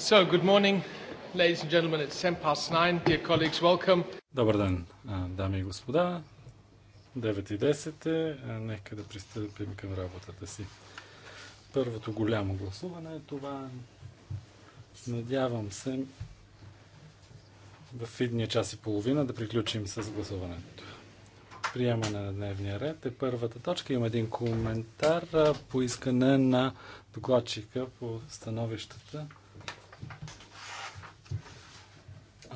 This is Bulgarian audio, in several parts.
So, good morning, ladies and gentlemen. It's 10 past 9. Dear colleagues, welcome. Добър ден, дами и господа. 9 и 10 е. Нека да пристъпим към работата си. Първото голямо гласуване е това. Надявам се в идния час и половина да приключим с гласуването. Приемане на дневния ред е първата точка. Има един коментар по искане на докладчика по становищата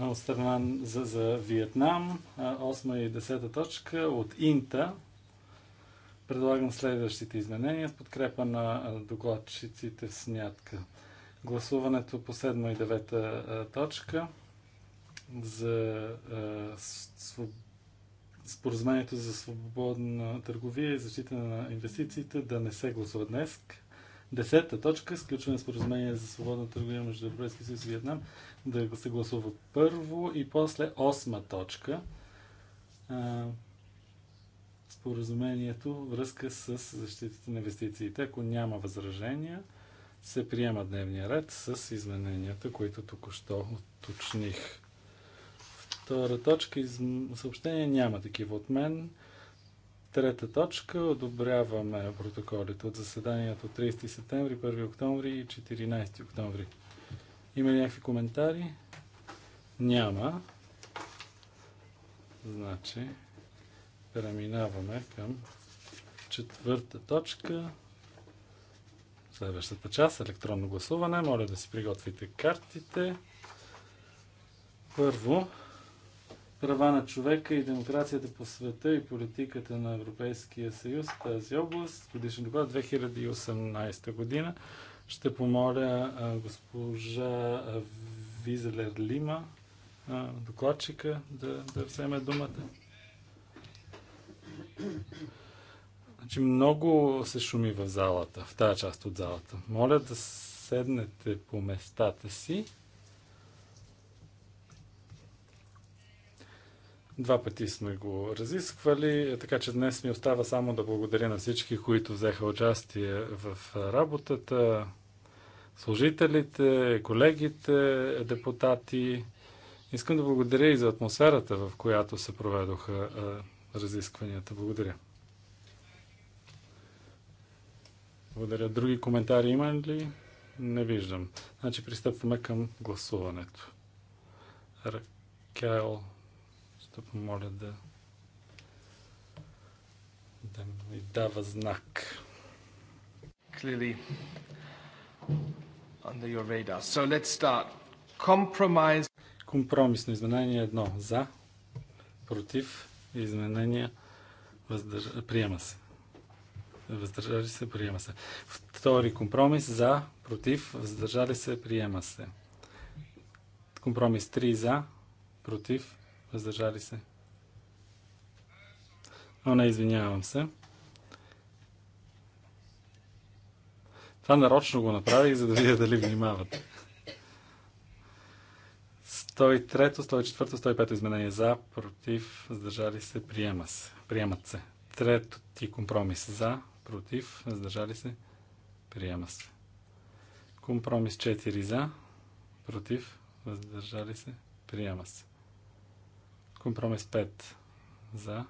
от страна за, за Виетнам. 8 и 10 точка от Инта. Предлагам следващите изменения с подкрепа на докладчиците в снятка. Гласуването по 7 и 9 точка за своб... споразумението за свободна търговия и защита на инвестициите да не се гласува днес, Десета точка, сключване споразумение за свободна търговия между Европейския съюз и Виетнам, да се гласува първо и после осма точка. А, споразумението връзка с защитата на инвестициите. Ако няма възражения, се приема дневния ред с измененията, които току-що уточних. Втора точка, съобщение няма такива от мен. Трета точка. Одобряваме протоколите от заседанието 30 септември, 1 октомври и 14 октомври. Има ли някакви коментари? Няма. Значи, преминаваме към четвърта точка. Следващата част електронно гласуване. Моля да си приготвите картите. Първо, права на човека и демокрацията по света и политиката на Европейския съюз в тази област. Годишен доклад 2018 година. Ще помоля госпожа Визелер Лима, докладчика, да, да вземе думата. Значи много се шуми в залата, в тази част от залата. Моля да седнете по местата си. Два пъти сме го разисквали, така че днес ми остава само да благодаря на всички, които взеха участие в работата, служителите, колегите, депутати. Искам да благодаря и за атмосферата, в която се проведоха разискванията. Благодаря. Благодаря. Други коментари има ли? Не виждам. Значи пристъпваме към гласуването. Ракел да помоля да, да ми дава знак. Clearly under your radar. So let's start. Compromise. Компромисно изменение едно. За, против, изменения, приема се. Въздържали се, приема се. Втори компромис за, против, въздържали се, приема се. Компромис 3 за, против, Въздържали се. О, не, извинявам се. Това нарочно го направих, за да видя дали внимавате. 103, 104, 105 изменение за, против, въздържали се, приема се. Приемат се. Трето ти компромис за, против, въздържали се, приема се. Компромис 4 за, против, въздържали се, приема се. Компромис 5 за,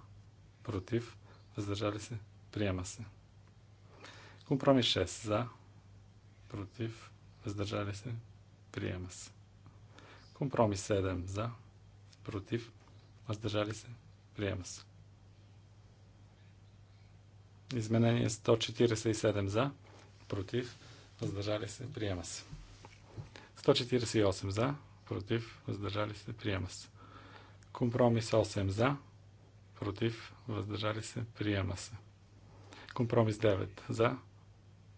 против, въздържали се, приема се. Компромис 6 за, против, въздържали се, приема се. Компромис 7 за, против, въздържали се, приема се. Изменение 147 за, против, въздържали се, приема се. 148 за, против, въздържали се, приема се. Компромис 8 за, против, въздържали се, приема се. Компромис 9 за,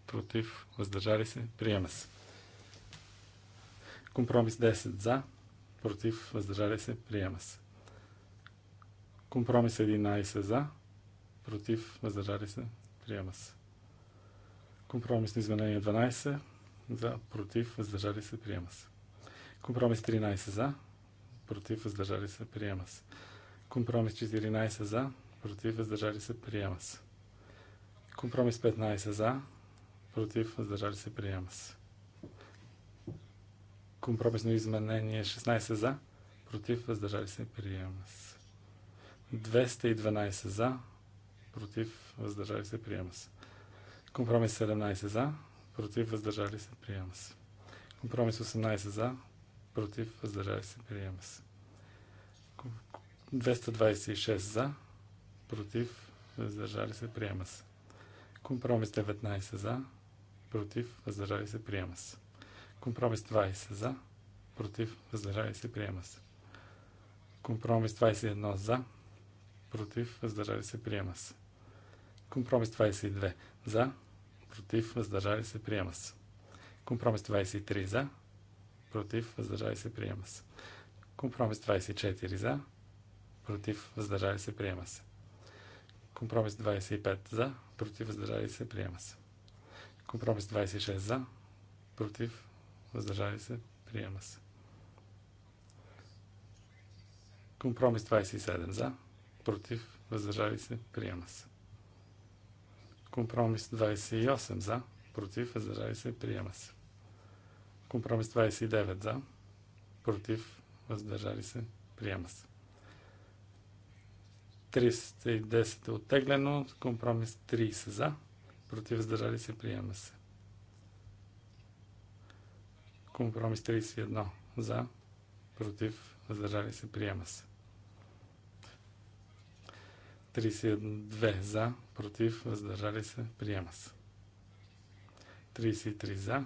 против, въздържали се, приема се. Компромис 10 за, против, въздържали се, приема се. Компромис 11 за, против, въздържали се, приема се. на изменение 12 за, против, въздържали се, приема се. Компромис 13 за, против, въздържали се, приема се. Компромис 14 за, против, въздържали се, приема се. Компромис 15 за, против, въздържали се, приема се. Компромисно изменение 16 за, против, въздържали се, приема се. 212 за, против, въздържали се, приема се. Компромис 17 за, против, въздържали се, приема се. Компромис 18 за, против, въздържали се, приема се. 226 за, против, въздържали се, приема се. Компромис 19 за, против, въздържали се, приема се. Компромис 20 за, против, въздържали се, приема се. Компромис 21 за, против, въздържали се, приема се. Компромис 22 за, против, въздържали се, приема се. Компромис 23 за, против, въздържали се, приема се. Компромис 24 за, против, въздържали се, приема се. Компромис 25 за, против, въздържали се, приема се. Компромис 26 за, против, въздържали се, приема се. Компромис 27 за, против, въздържали се, приема се. Компромис 28 за, против, въздържали се, приема се. Компромис 29 за, против, въздържали се, приема се. 310 е оттеглено, компромис 30 за, против, въздържали се, приема се. Компромис 31 за, против, въздържали се, приема се. 32 за, против, въздържали се, приема се. 33 за,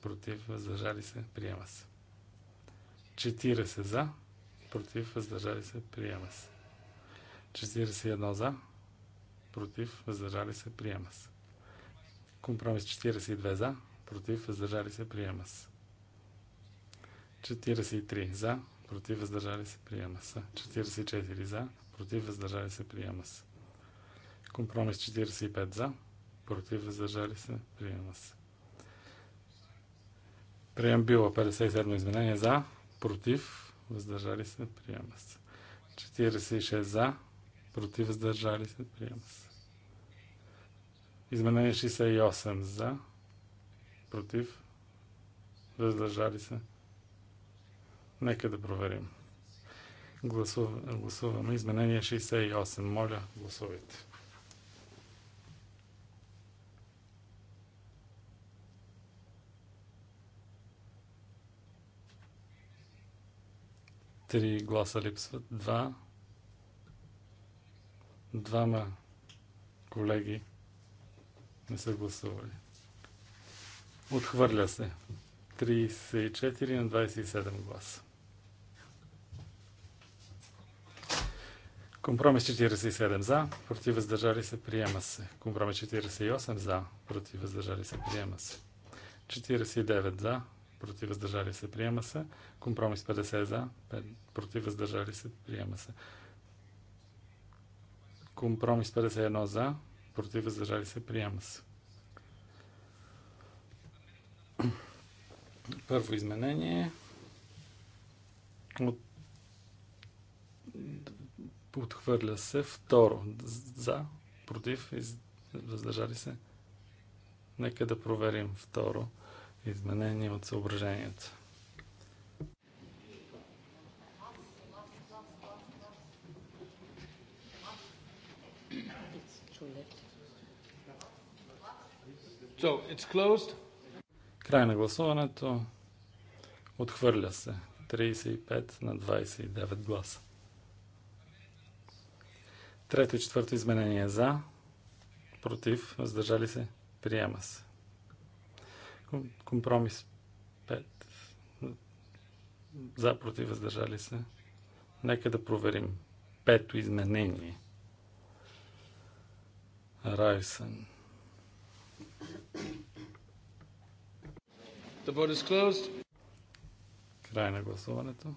против, въздържали се, приема се. 40 за, против, въздържали се, приема се. 41 за, против, въздържали се, приема се. Компромис 42 за, против, въздържали се, приема се. 43 за, против, въздържали се, приема се. 44 за, против, въздържали се, приема се. Компромис 45 за, против, въздържали се, приема се. Прием било 57 изменение за, против, въздържали се, приема се. 46 за, против, въздържали се, приема се. Изменение 68 за, против, въздържали се. Нека да проверим. Гласуваме изменение 68. Моля, гласувайте. Три гласа липсват. Два. Двама колеги не са гласували. Отхвърля се. 34 на 27 гласа. Компромис 47 за, против въздържали се, приема се. Компромис 48 за, против въздържали се, приема се. 49 за, против въздържали се, приема се. Компромис 50 за, против въздържали се, приема се. Компромис 51 за, против въздържали се, приема се. Първо изменение от отхвърля се. Второ, за, против, въздържали се. Нека да проверим второ изменение от съображението. So, it's closed. Край на гласуването. Отхвърля се. 35 на 29 гласа. Трето и четвърто изменение за. Против. Въздържали се. Приема се. Компромис Пет. За, против, въздържали се. Нека да проверим. Пето изменение. Райсън. The vote is closed. Край на гласуването.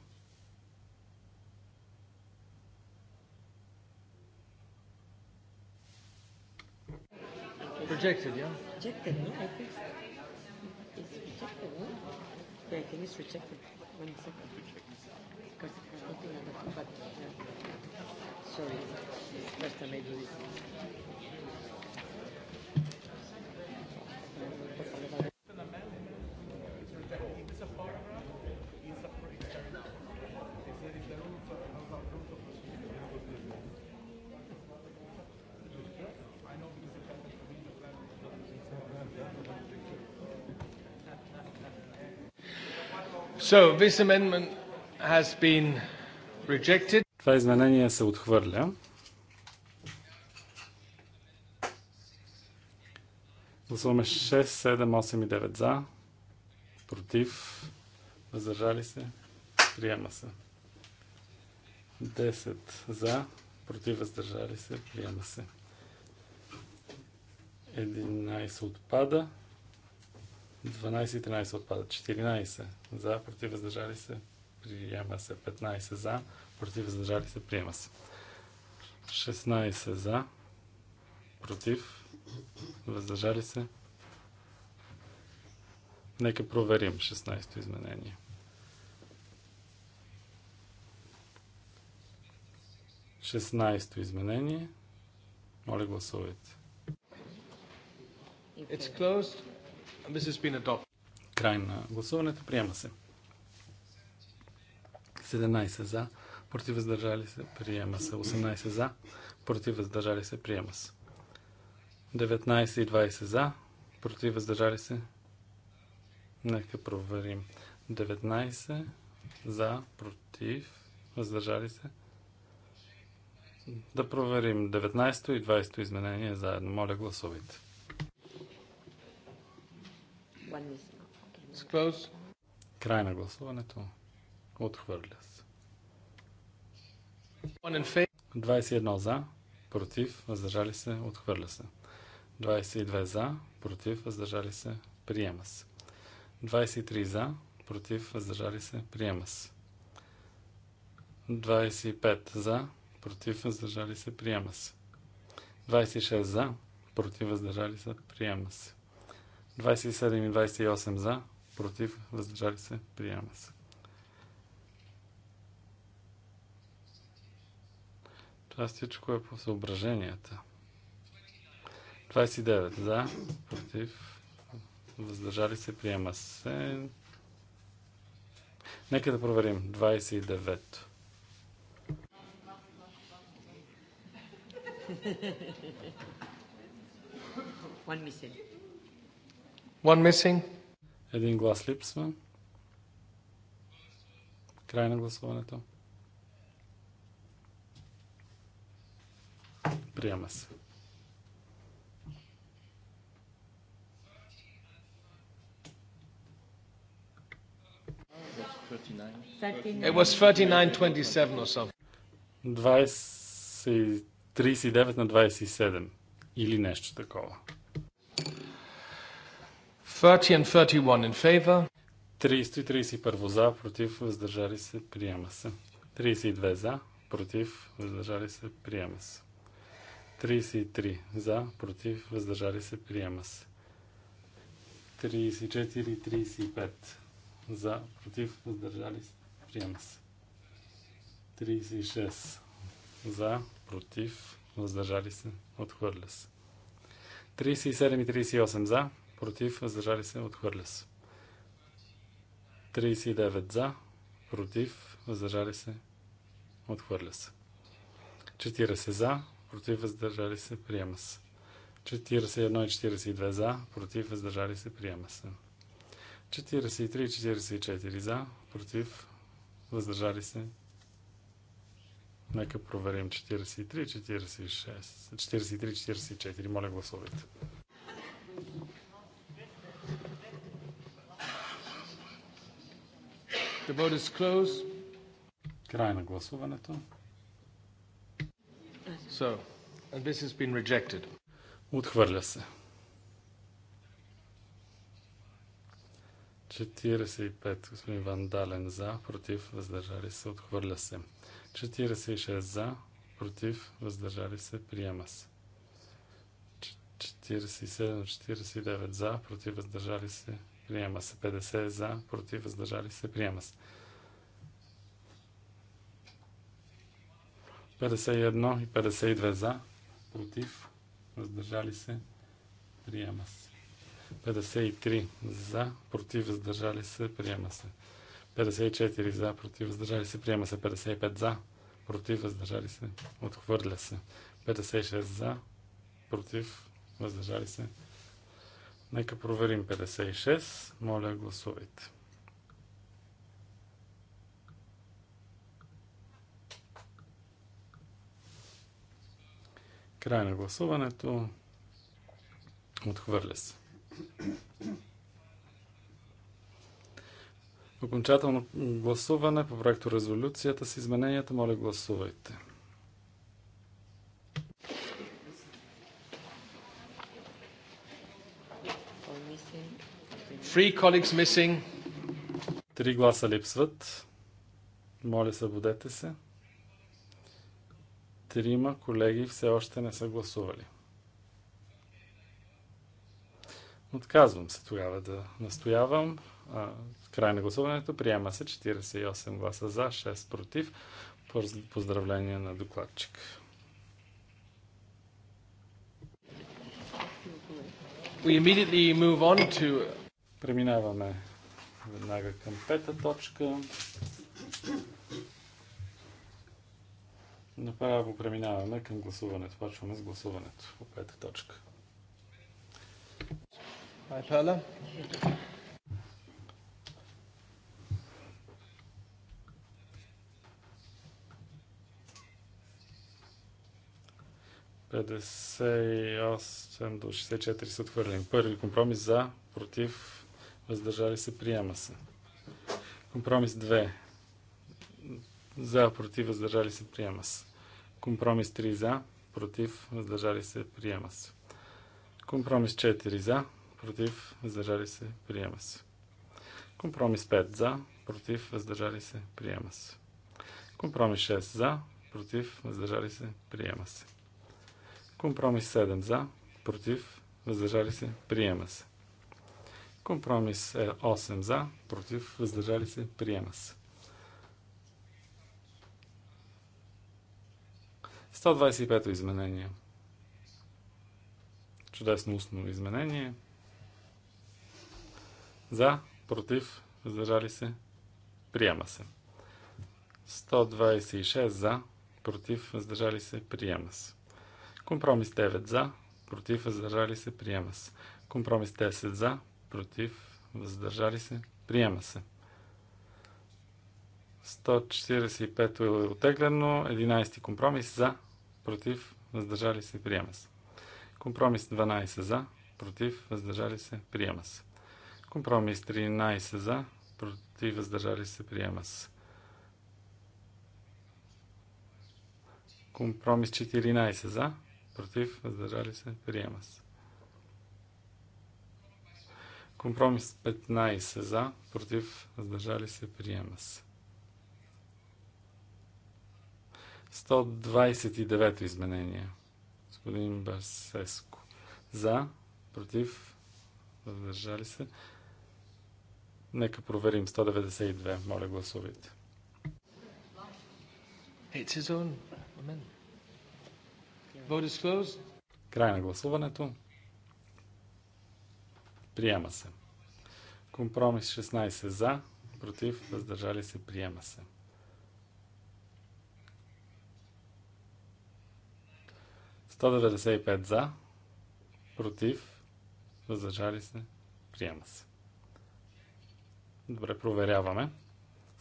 Rejected, yeah? Rejected, yeah, I think so rejected, Yeah, I think it's rejected. One second. Because nothing on but yeah. sorry, first time I do it. So, this amendment has been rejected. Това изменение се отхвърля. Гласуваме 6, 7, 8 и 9 за. Против. Въздържали се. Приема се. 10 за. Против. Въздържали се. Приема се. 11 отпада. 12 и 13 отпадат. 14 за, против, въздържали се, приема се. 15 за, против, въздържали се, приема се. 16 за, против, въздържали се. Нека проверим 16-то изменение. Шестнайсто изменение. Моля гласувайте. It's closed. Край на гласуването. Приема се. 17 за. Против въздържали се. Приема се. 18 за. Против въздържали се. Приема се. 19 и 20 за. Против въздържали се. Нека проверим. 19 за. Против. Въздържали се. Да проверим 19 и 20 изменение заедно. Моля, гласувайте. Край на гласуването. Отхвърля се. 21 за, против, въздържали се, отхвърля се. 22 за, против, въздържали се, приема се. 23 за, против, въздържали се, приема се. 25 за, против, въздържали се, приема се. 26 за, против, въздържали се, приема се. 27 и 28 за, против, въздържали се, приема се. Това всичко е по съображенията. 29 за, против, въздържали се, приема се. Нека да проверим. 29. One missing. One missing. Един глас липсва. Край на гласуването. Приема се. It was 39-27 or something. 20, 39 на 27 или нещо такова. 30 and 31 in favor. 30 31 за, против, въздържали се, приема се. 32 за, против, въздържали се, приема се. 33 за, против, въздържали се, приема се. 34 35 за, против, въздържали се, приема се. 36 за, против, въздържали се, отхвърля се. 37 и 38 за, против, въздържали се, отхвърля се. 39 за, против, въздържали се, отхвърля се. 40 за, против, въздържали се, приема се. 41 и 42 за, против, въздържали се, приема се. 43 и 44 за, против, въздържали се. Нека проверим 43 и 46. 43 и 44. Моля гласовете. The vote is closed. Край на гласуването. So, and this has been rejected. Отхвърля се. 45 господин Вандален за, против, въздържали се, отхвърля се. 46 за, против, въздържали се, приема се. 47-49 за, против, въздържали се, Приема се 50 за, против, въздържали се, приема се. 51 и 52 за, против, въздържали се, приема се. 53 за, против, въздържали се, приема се. 54 за, против, въздържали се, приема се. 55 за, против, въздържали се, отхвърля се. 56 за, против, въздържали се, Нека проверим 56. Моля, гласувайте. Край на гласуването. Отхвърля се. Окончателно гласуване по проекто резолюцията с измененията. Моля, гласувайте. Three colleagues missing. Три гласа липсват. Моля, събудете се. Трима колеги все още не са гласували. Отказвам се тогава да настоявам. Край на гласуването приема се 48 гласа за, 6 против. Поздравление на докладчик. We immediately move on to Преминаваме веднага към пета точка. Направо преминаваме към гласуването. Почваме с гласуването по пета точка. Айпела. до 64 са отхвърлени. Първи компромис за, против, въздържали се, приема се. Компромис 2 за, против, въздържали се, приема се. Компромис 3 за, против, въздържали се, приема се. Компромис 4 за, против, въздържали се, приема се. Компромис 5 за, против, въздържали се, приема се. Компромис 6 за, против, въздържали се, приема се. Компромис 7 за, против, въздържали се, приема се. Компромис е 8 за, против, въздържали се, приема се. 125-то изменение. Чудесно устно изменение. За, против, въздържали се, приема се. 126 за, против, въздържали се, приема се. Компромис 9 за, против, въздържали се, приема се. Компромис 10 за, против, въздържали се, приема се. 145 е отеглено, 11 компромис за, против, въздържали се, приема се. Компромис 12 за, против, въздържали се, приема се. Компромис 13 за, против, въздържали се, приема се. Компромис 14 за, против, въздържали се, приема се. Компромис 15 за, против, въздържали се, приема се. 129 изменение. Господин Барсеско. За, против, въздържали се. Нека проверим. 192. Моля, гласувайте. Край на гласуването. Приема се. Компромис 16 за, против, въздържали се, приема се. Сто за, против, въздържали се, приема се. Добре, проверяваме.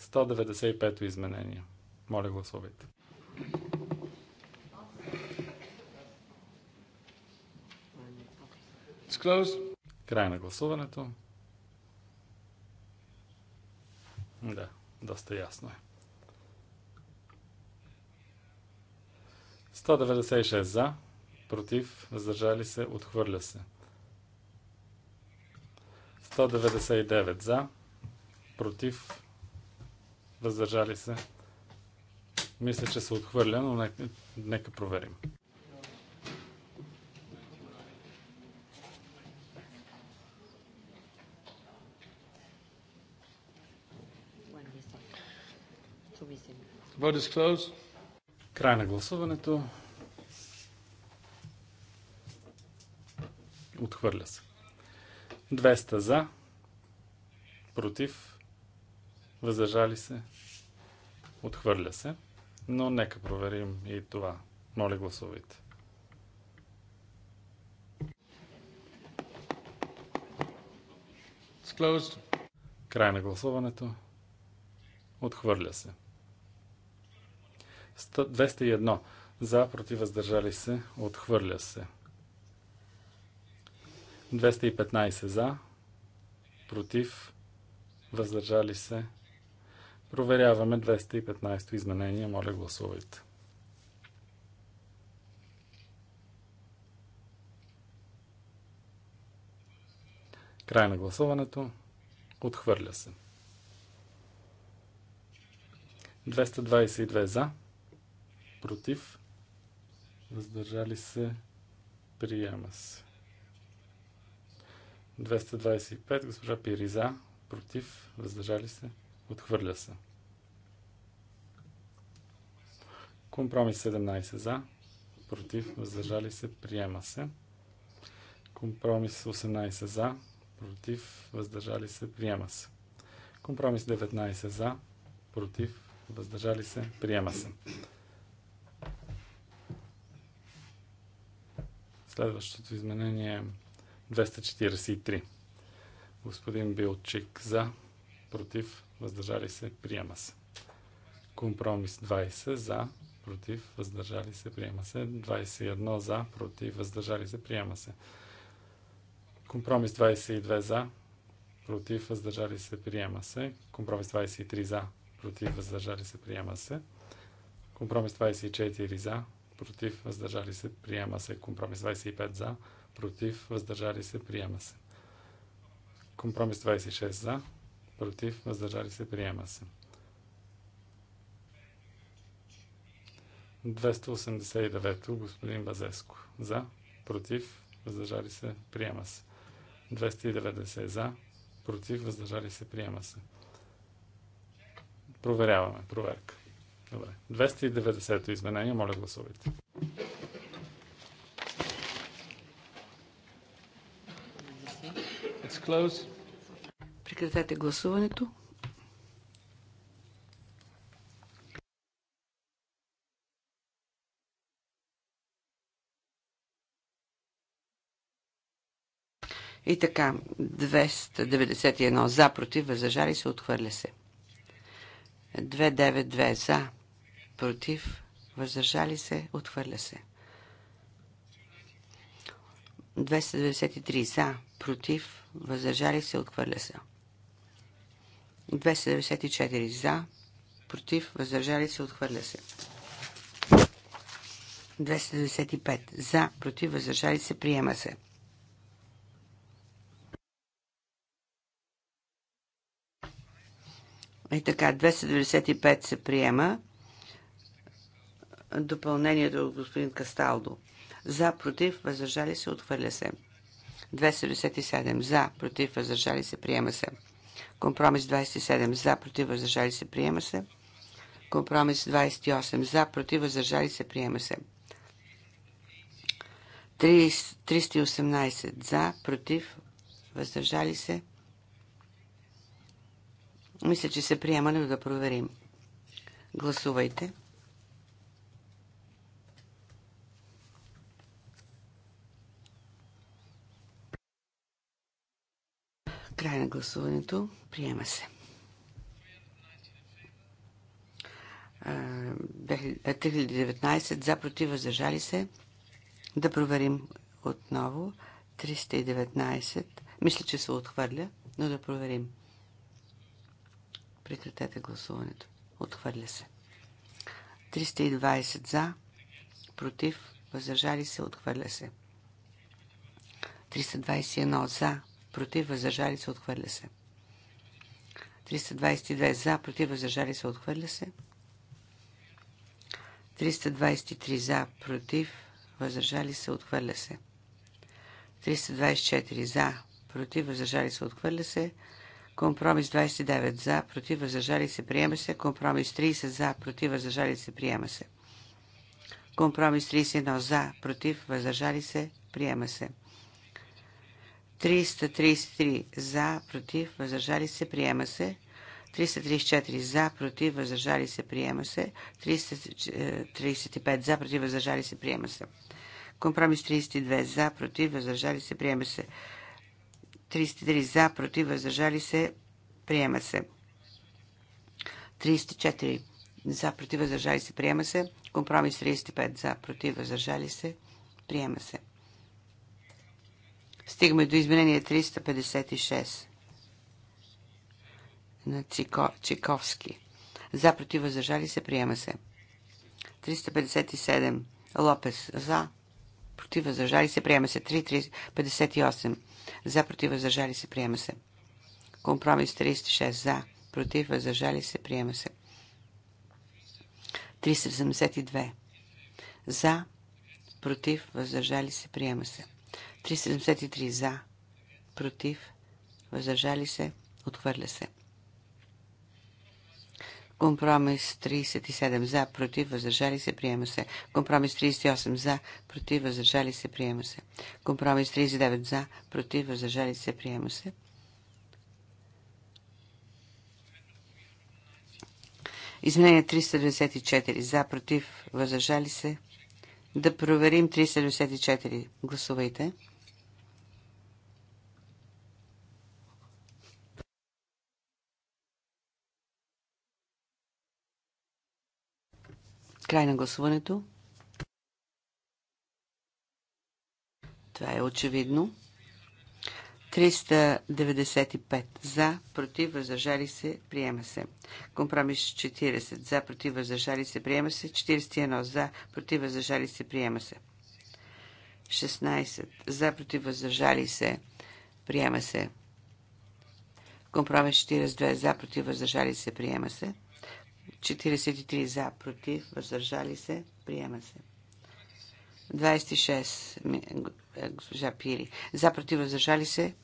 195 изменение. Моля, гласовете. It's closed. Край на гласуването. Да, доста ясно е. 196 за, против, въздържали се, отхвърля се. 199 за, против, въздържали се. Мисля, че се отхвърля, но нека, нека проверим. Vote is closed. Край на гласуването. Отхвърля се. 200 за. Против. Въздържали се. Отхвърля се. Но нека проверим и това. Моля, гласувайте. Край на гласуването. Отхвърля се. 201 за, против, въздържали се, отхвърля се. 215 за, против, въздържали се. Проверяваме 215 изменение. Моля, гласувайте. Край на гласуването. Отхвърля се. 222 за против, въздържали се, приема се. 225, госпожа Пириза, против, въздържали се, отхвърля се. Компромис 17 за, против, въздържали се, приема се. Компромис 18 за, против, въздържали се, приема се. Компромис 19 за, против, въздържали се, приема се. Следващото изменение е 243. Господин Билчик за, против, въздържали се, приема се. Компромис 20 за, против, въздържали се, приема се. 21 за, против, въздържали се, приема се. Компромис 22 за, против, въздържали се, приема се. Компромис 23 за, против, въздържали се, приема се. Компромис 24 за, против, въздържали се, приема се. Компромис 25 за, против, въздържали се, приема се. Компромис 26 за, против, въздържали се, приема се. 289 господин Базеско. За, против, въздържали се, приема се. 290 за, против, въздържали се, приема се. Проверяваме. Проверка. Добре. 290-то изменение, моля гласувайте. Прекратете гласуването. И така, 291 за, против, въздържали се, отхвърля се. 292 за, против, въздържали се, отхвърля се. 293 за, против, въздържали се, отхвърля се. 294 за, против, въздържали се, отхвърля се. 295 за, против, въздържали се, приема се. И така, 295 се приема допълнението от господин Касталдо. За, против, въздържали се, отхвърля се. 277 за, против, въздържали се, приема се. Компромис 27 за, против, въздържали се, приема се. Компромис 28 за, против, въздържали се, приема се. 318 за, против, въздържали се. Мисля, че се приема, но да проверим. Гласувайте. Край на гласуването. Приема се. 3019 за против въздържали се. Да проверим отново. 319. Мисля, че се отхвърля, но да проверим. Прекратете гласуването. Отхвърля се. 320 за, против, въздържали се, отхвърля се. 321 за, против, въздържали се, отхвърля се. 322 за, против, въздържали се, отхвърля се. 323 за, против, въздържали се, отхвърля се. 324 за, против, въздържали се, отхвърля се. Компромис 29 за, против, въздържали се, приема се. Компромис 30 за, против, въздържали се, приема се. Компромис 31 за, против, въздържали се, приема се. 333 за, против, въздържали се, приема се. 334 за, против, въздържали се, приема се. 335 за, против, въздържали се, приема се. Компромис 32 за, против, въздържали се, приема се. 33 за, против, въздържали се, приема се. 34 за, против, въздържали се, приема се. Компромис 35 за, против, въздържали се, приема се. Стигаме до изменение 356 на Цико, Чиковски. За, против, въздържали се, приема се. 357. Лопес. За, против, въздържали се, приема се. 358. За, против, въздържали се, приема се. Компромис 36. За, против, въздържали се, приема се. 372. За, против, въздържали се, приема се. 373 за, против, въздържали се, отхвърля се. Компромис 37 за, против, въздържали се, приема се. Компромис 38 за, против, въздържали се, приема се. Компромис 39 за, против, въздържали се, приема се. Изменение 394 за, против, въздържали се, да проверим 374. Гласувайте. Край на гласуването. Това е очевидно. 395 за, против, въздържали се, приема се. Компромис 40 за, против, въздържали се, приема се. 41 за, против, въздържали се, приема се. 16 за, против, въздържали се, приема се. Компромис 42 за, против, въздържали се, приема се. 43 за, против, въздържали се, приема се. 26. Е, госпожа Пири. За против въздържали се.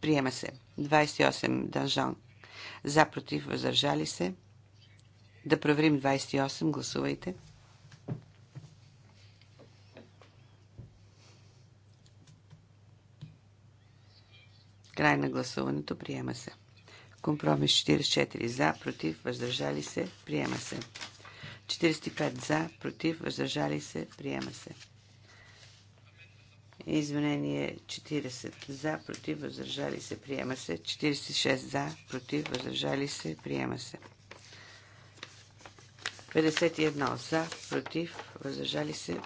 Приема се. 28. Данжон. За против въздържали се. Да проверим 28. Гласувайте. Край на гласуването. Приема се. Компромис 44. За, против, въздържали се. Приема се. 45 за, против, въздържали се, приема се. Извинение 40 за, против, въздържали се, приема се. 46 за, против, въздържали се, приема се. 51 за, против, въздържали се,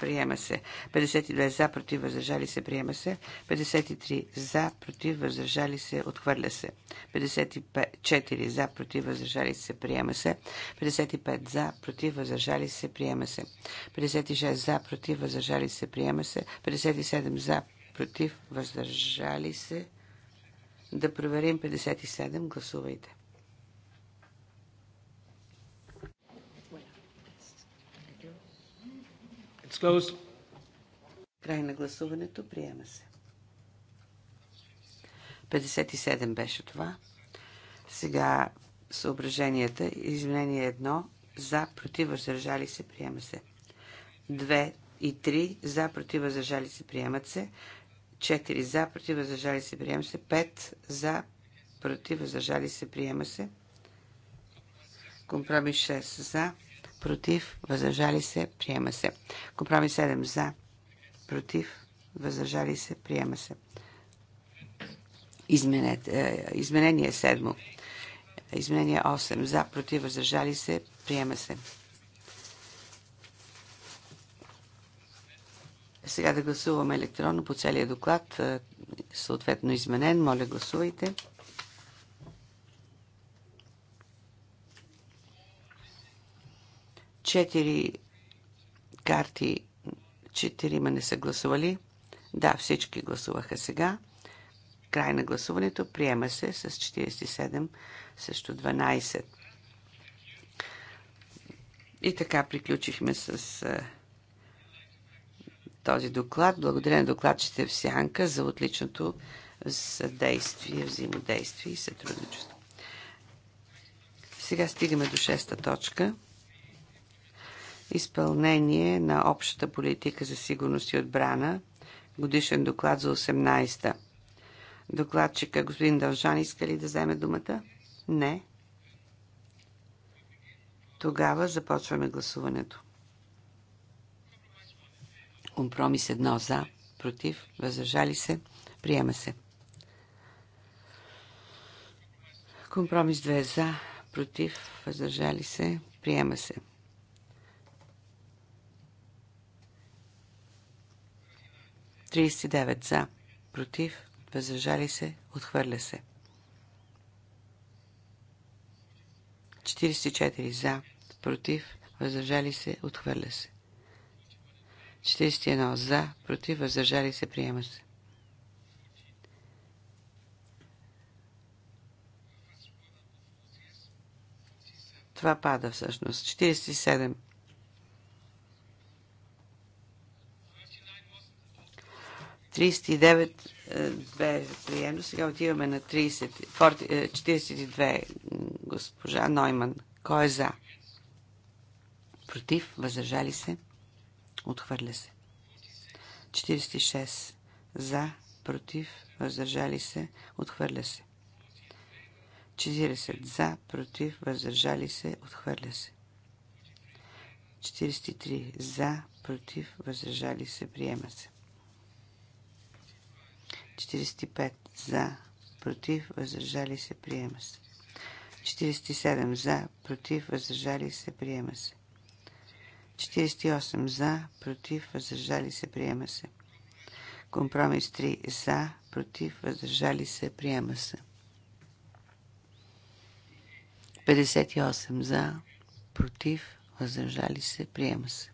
приема се. 52 за, против, въздържали се, приема се. 53 за, против, въздържали се, отхвърля се. 54 за, против, въздържали се, приема се. 55 за, против, въздържали се, приема се. 56 за, против, въздържали се, приема се. 57 за, против, въздържали се. Да проверим 57. Гласувайте. It's closed. Край на гласуването. Приема се. 57 беше това. Сега съображенията. Изменение 1. За, против, въздържали се. Приема се. 2 и 3. За, против, въздържали се. Приемат се. 4 за, против, въздържали се, приема се. 5 за, против, въздържали се, приема се. Компромис 6 за, против, въздържали се, приема се. Компромис 7 за, против, въздържали се, приема се. Изменет, е, изменение 7. Изменение 8. За, против, въздържали се, приема се. Сега да гласуваме електронно по целия доклад, е, съответно изменен. Моля, гласувайте. Четири карти, четирима не са гласували. Да, всички гласуваха сега. Край на гласуването приема се с 47 също 12. И така приключихме с този доклад. Благодаря на докладчите в Сянка за отличното съдействие, взаимодействие и сътрудничество. Сега стигаме до шеста точка изпълнение на общата политика за сигурност и отбрана, годишен доклад за 18-та. Докладчика господин Дължан иска ли да вземе думата? Не. Тогава започваме гласуването. Компромис едно за, против, въздържали се, приема се. Компромис 2 за, против, въздържали се, приема се. 39 за, против, въздържали се, отхвърля се. 44 за, против, въздържали се, отхвърля се. 41 за, против, въздържали се, приема се. Това пада всъщност. 47 39 2 е, приемно. Сега отиваме на 30, 42 е, госпожа Нойман. Кой е за? Против? Въздържали се? Отхвърля се. 46 за, против, въздържали се, отхвърля се. 40 за, против, въздържали се, отхвърля се. 43 за, против, въздържали се, приема се. 45 за, против, въздържали се, приема се. 47 за, против, въздържали се, приема се. 48 за, против, въздържали се, приема се. Компромис 3 за, против, въздържали се, приема се. 58 за, против, въздържали се, приема се.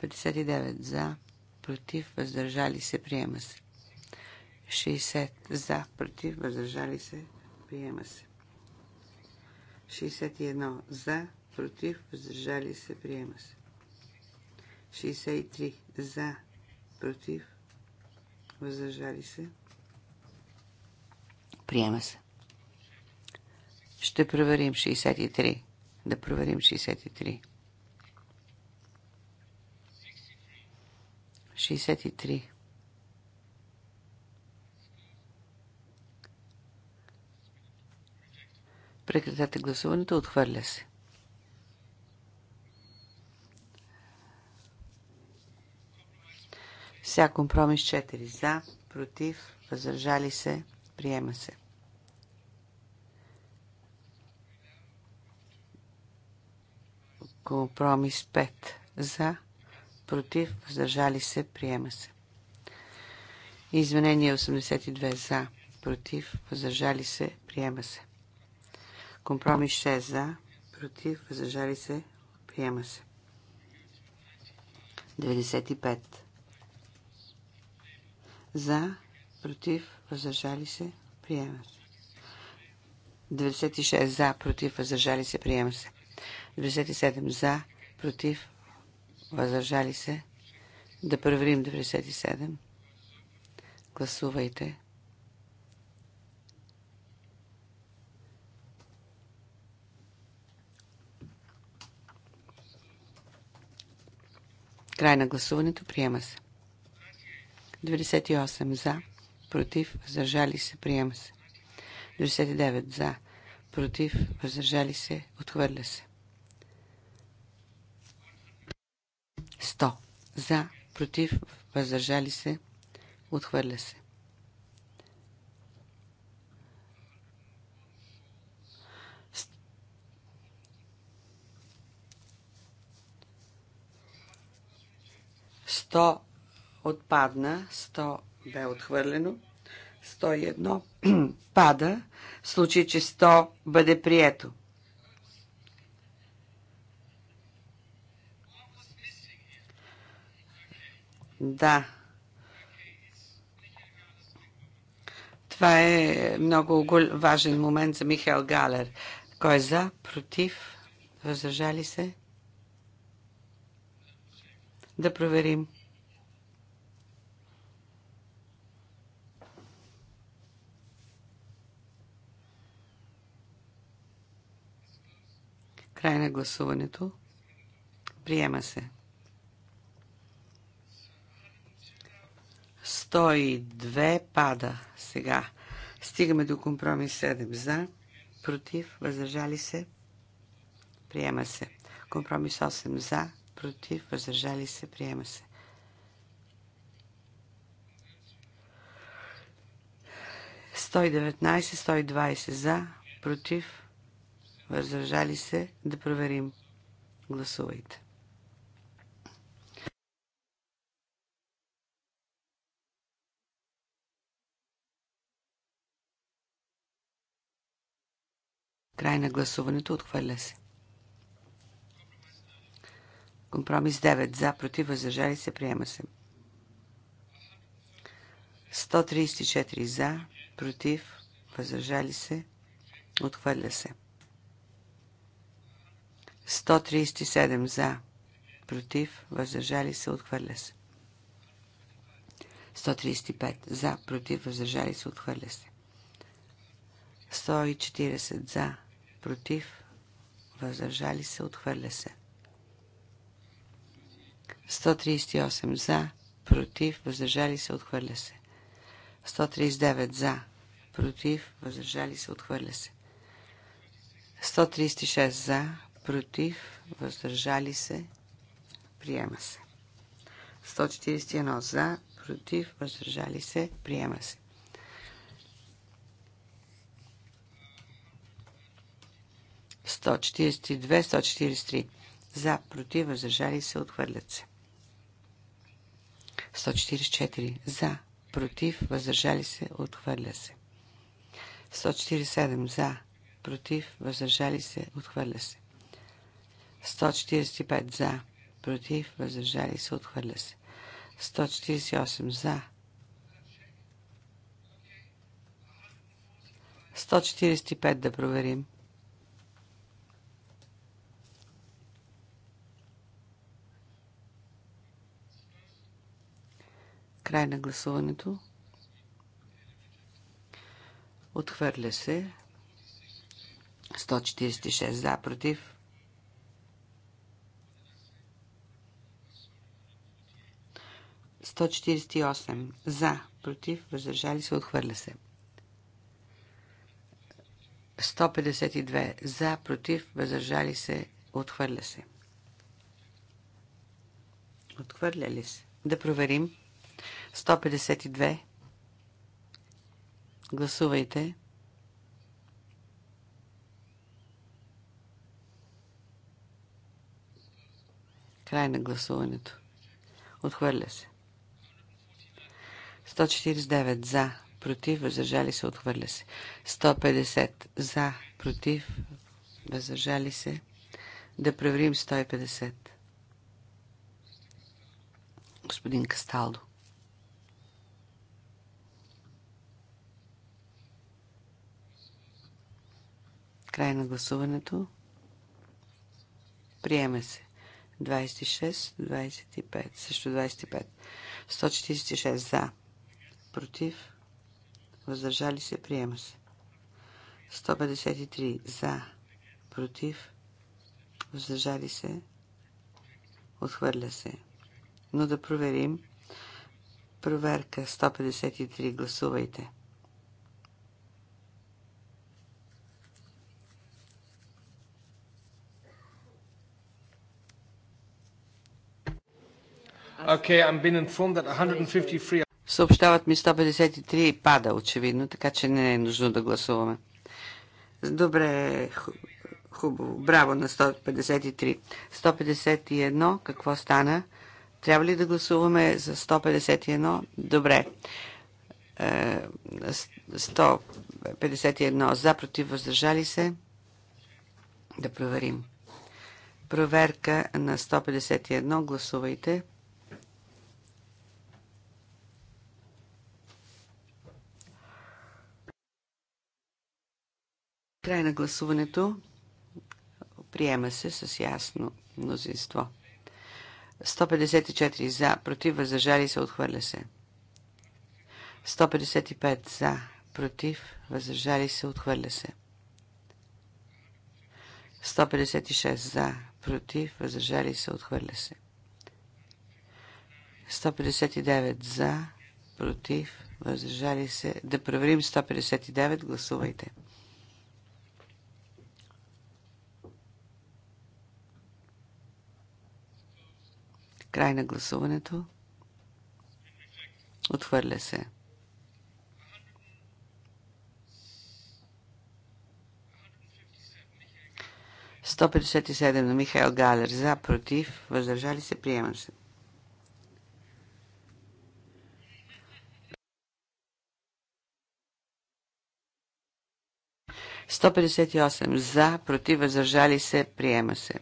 59 за, против, въздържали се, приема се. 60 за, против, въздържали се, приема се. 61 за, против, въздържали се, приема се. 63 за, против, въздържали се, приема се. Ще проверим 63. Да проверим 63. 63. Прекратете гласуването. Отхвърля се. Вся компромис 4 за, против, въздържали се, приема се. Компромис 5 за, против, въздържали се, приема се. Изменение 82 за, против, въздържали се, приема се. Компромис 6 за, против, въздържали се, приема се. 95. За, против, въздържали се, приема се. 96 за, против, въздържали се, приема се. 97 за, против, въздържали се. Да проверим 97. Гласувайте. Край на гласуването. Приема се. 98 за. Против. Въздържали се. Приема се. 99 за. Против. Въздържали се. Отхвърля се. 100 за. Против. Въздържали се. Отхвърля се. 100 отпадна, 100 бе отхвърлено, 101 пада, в случай, че 100 бъде прието. Да. Това е много важен момент за Михаил Галер. Кой е за? Против? Въздържали се? Да проверим. Край на гласуването. Приема се. 102 пада сега. Стигаме до компромис 7 за, против, въздържали се. Приема се. Компромис 8 за, против, въздържали се. Приема се. Сто 119, 120 за, против, Въздържали се да проверим. Гласувайте. Край на гласуването отхвърля се. Компромис 9. За, против, въздържали се, приема се. 134 за, против, въздържали се, отхвърля се. 137 за, против, въздържали се, отхвърля се. 135 за, против, въздържали се, отхвърля се. 140 за, против, въздържали се, отхвърля се. 138 за, против, въздържали се, отхвърля се. 139 за, против, въздържали се, отхвърля се. 136 за, против, въздържали се, приема се. 141 за, против, въздържали се, приема се. Сто четиридесет две, сто три. За, против, въздържали се, отхвърлят се. 144. За, против, въздържали се, отхвърля се. 147. За, против, въздържали се, отхвърля се. 145 за, против, въздържали се, отхвърля се. 148 за. 145 да проверим. Край на гласуването. Отхвърля се. 146 за, против, 148. За. Против. Въздържали се. Отхвърля се. 152. За. Против. Въздържали се. Отхвърля се. Отхвърля ли се? Да проверим. 152. Гласувайте. Край на гласуването. Отхвърля се. 149 за, против, въздържали се, отхвърля се. 150 за, против, въздържали се. Да проверим 150. Господин Касталдо. Край на гласуването. Приема се. 26, 25, също 25. 146 за против, въздържали се, приема се. 153 за, против, въздържали се, отхвърля се. Но да проверим. Проверка 153. Гласувайте. Okay, I'm been informed that 153 Съобщават ми 153 и пада, очевидно, така че не е нужно да гласуваме. Добре, хубаво. Браво на 153. 151, какво стана? Трябва ли да гласуваме за 151? Добре. 151 е, за, против, въздържали се. Да проверим. Проверка на 151. Гласувайте. Край на гласуването. Приема се с ясно мнозинство. 154 за, против, въздържали се, отхвърля се. 155 за, против, въздържали се, отхвърля се. 156 за, против, въздържали се, отхвърля се. 159 за, против, въздържали се. Да проверим 159, гласувайте. Край на гласуването. Отхвърля се. 157 на Михаил Галер. За, против, въздържали се, приема се. Сто за, против, въздържали се, приема се.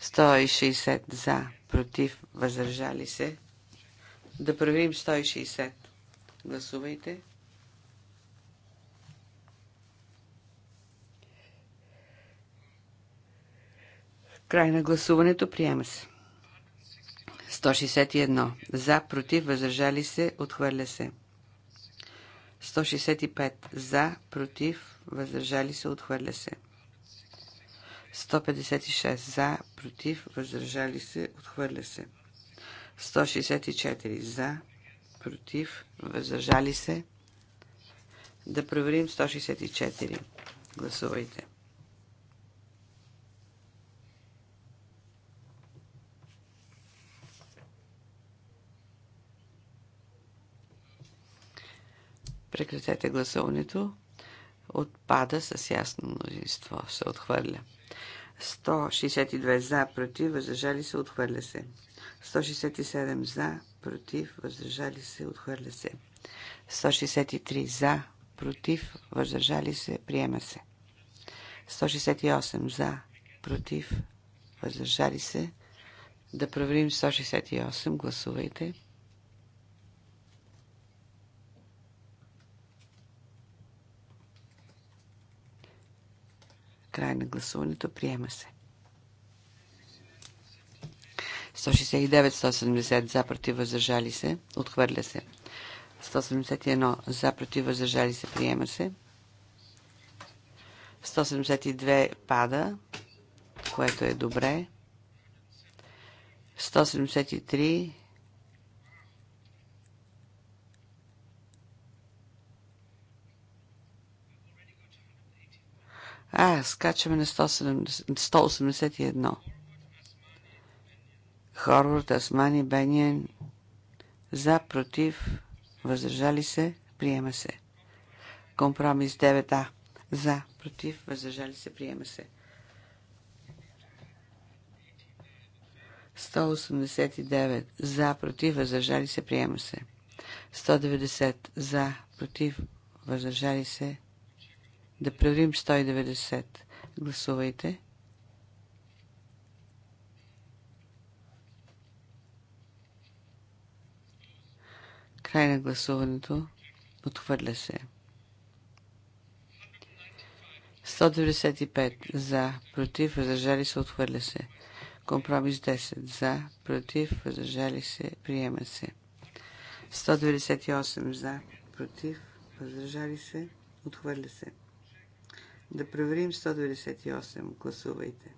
160 за, против, въздържали се. Да правим 160. Гласувайте. Край на гласуването приема се. 161. За, против, въздържали се, отхвърля се. 165. За, против, въздържали се, отхвърля се. 166. 156 за, против, въздържали се, отхвърля се. 164 за, против, въздържали се. Да проверим 164. Гласувайте. Прекратете гласуването. Отпада с ясно мнозинство. Се отхвърля. 162 за, против, въздържали се, отхвърля се. 167 за, против, въздържали се, отхвърля се. 163 за, против, въздържали се, приема се. 168 за, против, въздържали се. Да проверим 168. Гласувайте. Край на гласуването. Приема се. 169-170 за против въздържали се. Отхвърля се. 171 за против въздържали се. Приема се. 172 пада, което е добре. 173 А, скачаме на 170, 181. Хорвор, Тасмани, Бениен. За, против, въздържали се, приема се. Компромис 9А. За, против, въздържали се, приема се. 189. За, против, въздържали се, приема се. 190. За, против, въздържали се, да проверим 190. Гласувайте. Край на гласуването. Отхвърля се. 195 за, против, въздържали се, отхвърля се. Компромис 10 за, против, въздържали се, приема се. 198 за, против, въздържали се, отхвърля се. Да проверим 198. Гласувайте.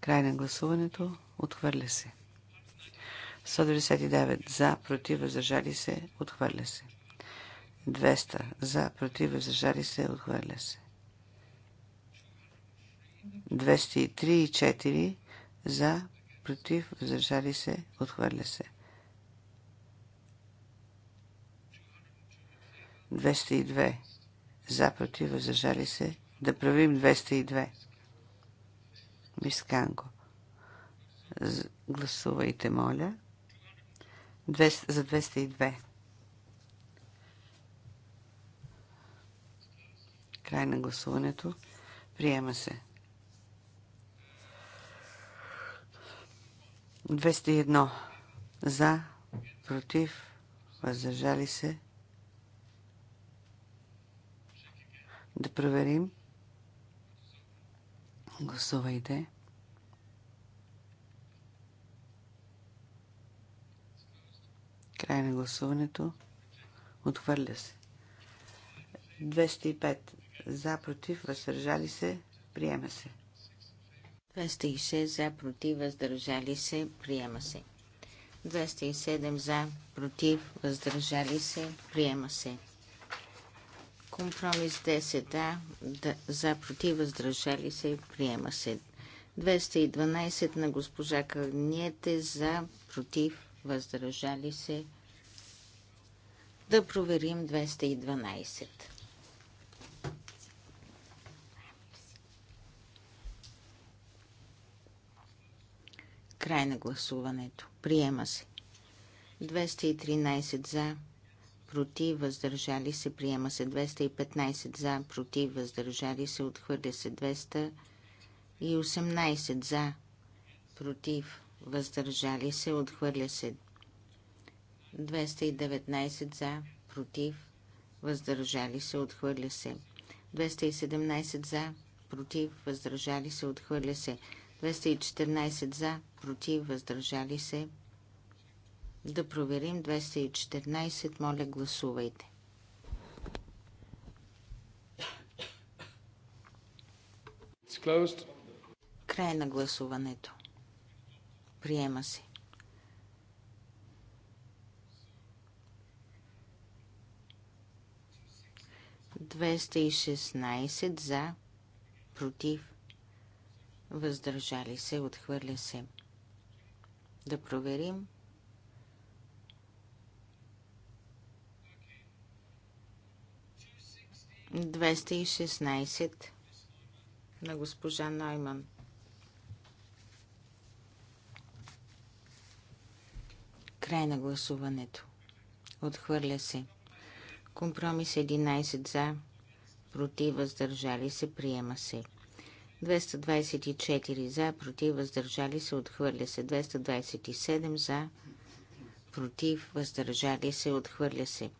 Край на гласуването. Отхвърля се. 199 за, против, въздържали се, отхвърля се. 200 за, против, въздържали се, отхвърля се. 203 и 4 за, против, въздържали се, отхвърля се. 202. За, против, въздържали се. Да правим 202. Мисканго. Гласувайте, моля. за 202. Край на гласуването. Приема се. 201. За, против, въздържали се. Да проверим. Гласувайте. Край на гласуването. Отхвърля се. 205 за, против, въздържали се, приема се. 206 за, против, въздържали се, приема се. 207 за, против, въздържали се, приема се. Компромис 10 да, за против въздържали се приема се. 212 на госпожа Кърниете за против въздържали се. Да проверим 212. Край на гласуването. Приема се. 213 за, против, въздържали се, приема се 215 за, против, въздържали се, отхвърля се 218 за, против, въздържали се, отхвърля се 219 за, против, въздържали се, отхвърля се 217 за, против, въздържали се, отхвърля се 214 за, против, въздържали се, да проверим 214. Моля, гласувайте. Край на гласуването. Приема се. Двеста и шестнайсет за, против, въздържали се, отхвърля се. Да проверим. 214. 216 на госпожа Нойман. Край на гласуването. Отхвърля се. Компромис 11 за, против, въздържали се, приема се. 224 за, против, въздържали се, отхвърля се. 227 за, против, въздържали се, отхвърля се.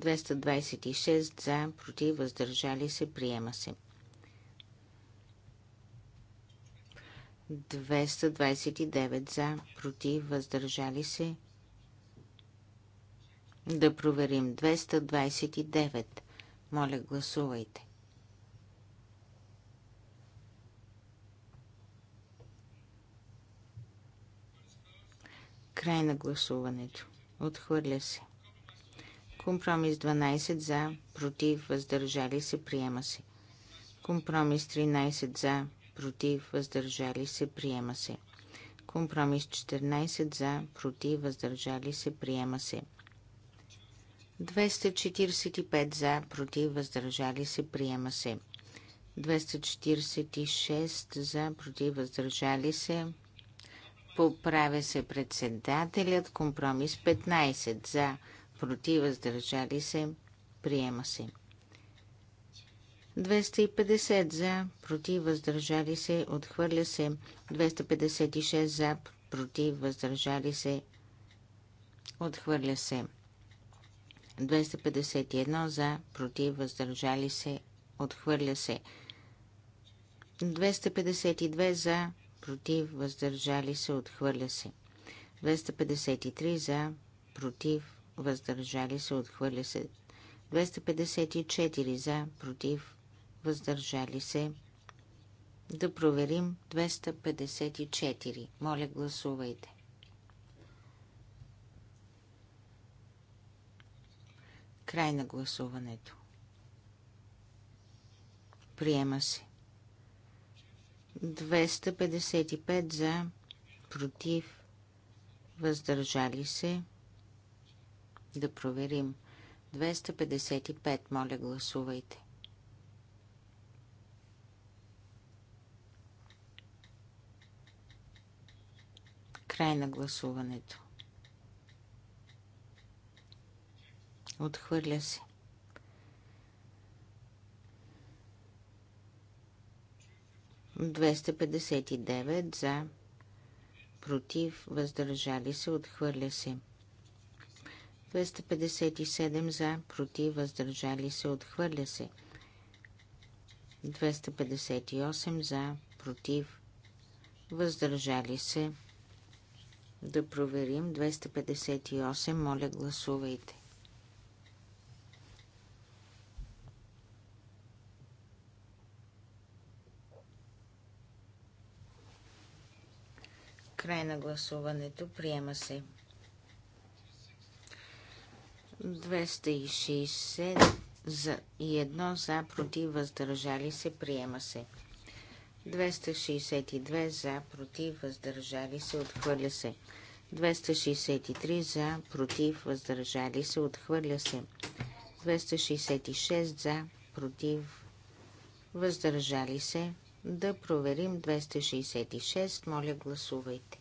226 за, против, въздържали се, приема се. 229 за, против, въздържали се. Да проверим. 229. Моля, гласувайте. Край на гласуването. Отхвърля се. 229. Компромис 12 за, против, въздържали се, приема се. Компромис 13 за, против, въздържали се, приема се. Компромис 14 за, против, въздържали се, приема се. 245 за, против, въздържали се, приема се. 246 за, против, въздържали се. Поправя се председателят. Компромис 15 за, против, въздържали се, приема се. 250 за, против, въздържали се, отхвърля се. 256 за, против, въздържали се, отхвърля се. 251 за, против, въздържали се, отхвърля се. 252 за, против, въздържали се, отхвърля се. 253 за, против, въздържали се, отхвърля се. 254 за, против, въздържали се. Да проверим 254. Моля, гласувайте. Край на гласуването. Приема се. 255 за, против, въздържали се. Да проверим. 255, моля гласувайте. Край на гласуването. Отхвърля се. 259 за, против, въздържали се, отхвърля се. 257 за, против, въздържали се, отхвърля се. 258 за, против, въздържали се. Да проверим. 258, моля гласувайте. Край на гласуването приема се. 260 за и едно за, против, въздържали се, приема се. 262 за, против, въздържали се, отхвърля се. 263 за, против, въздържали се, отхвърля се. 266 за, против, въздържали се. Да проверим 266. Моля, гласувайте.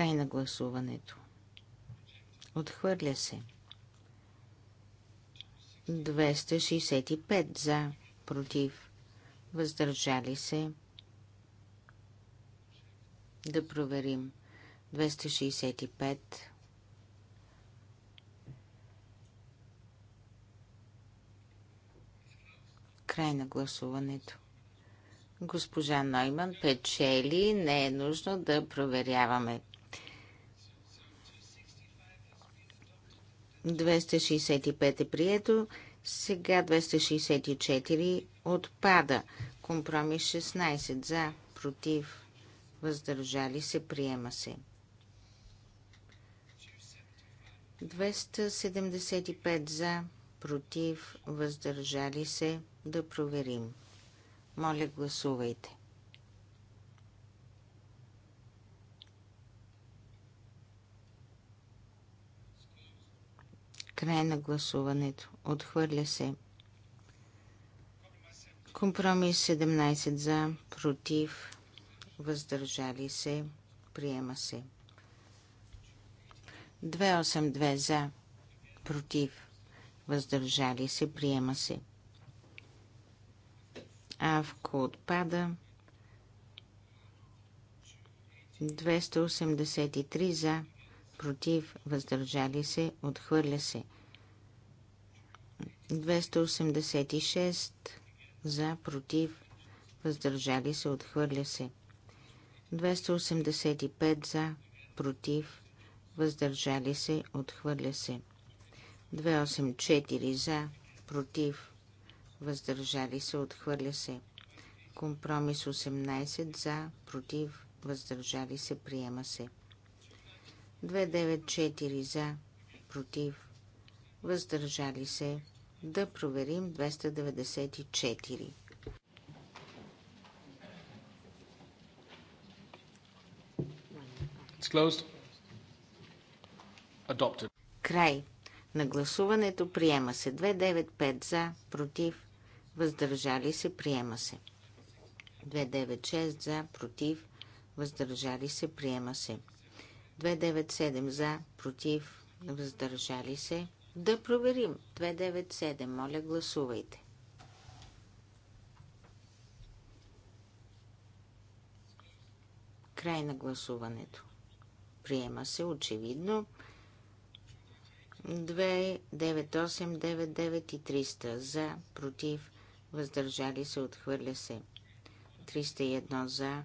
Край на гласуването. Отхвърля се. 265 за, против, въздържали се. Да проверим. 265. Край на гласуването. Госпожа Нойман печели, не е нужно да проверяваме. 265 е прието. Сега 264 отпада. Компромис 16 за, против, въздържали се, приема се. 275 за, против, въздържали се, да проверим. Моля, гласувайте. Край на гласуването. Отхвърля се. Компромис 17 за, против, въздържали се, приема се. 282 за, против, въздържали се, приема се. Авко отпада. 283 за, против, въздържали се, отхвърля се. 286 за, против, въздържали се, отхвърля се. 285 за, против, въздържали се, отхвърля се. 284 за, против, въздържали се, отхвърля се. Компромис 18 за, против, въздържали се, приема се. 294 за, против, въздържали се. Да проверим 294. Край. На гласуването приема се 295 за, против, въздържали се, приема се. 296 за, против, въздържали се, приема се. 297 за, против, въздържали се. Да проверим. 297. Моля, гласувайте. Край на гласуването. Приема се очевидно. 2, 9, 8, 9, 9 и 300 за, против, въздържали се, отхвърля се. 301 за,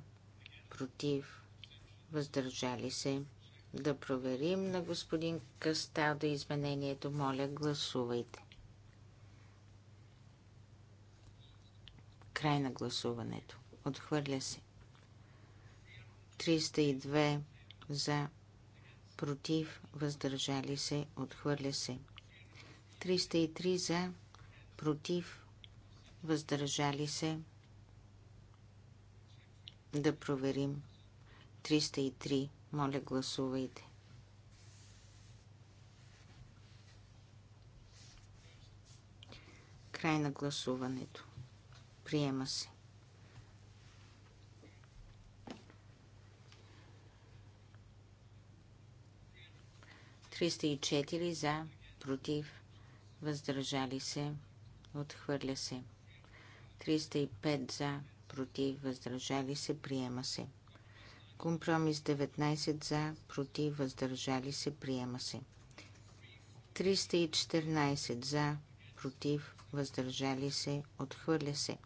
против, въздържали се да проверим на господин да изменението. Моля, гласувайте. Край на гласуването. Отхвърля се. 302 за, против, въздържали се, отхвърля се. 303 за, против, въздържали се. Да проверим. 303. Моля, гласувайте. Край на гласуването. Приема се. Триста и четири за, против, въздържали се, отхвърля се. 305 за, против, въздържали се, приема се. Компромис 19 за, против, въздържали се, приема се. 314 за, против, въздържали се, отхвърля се.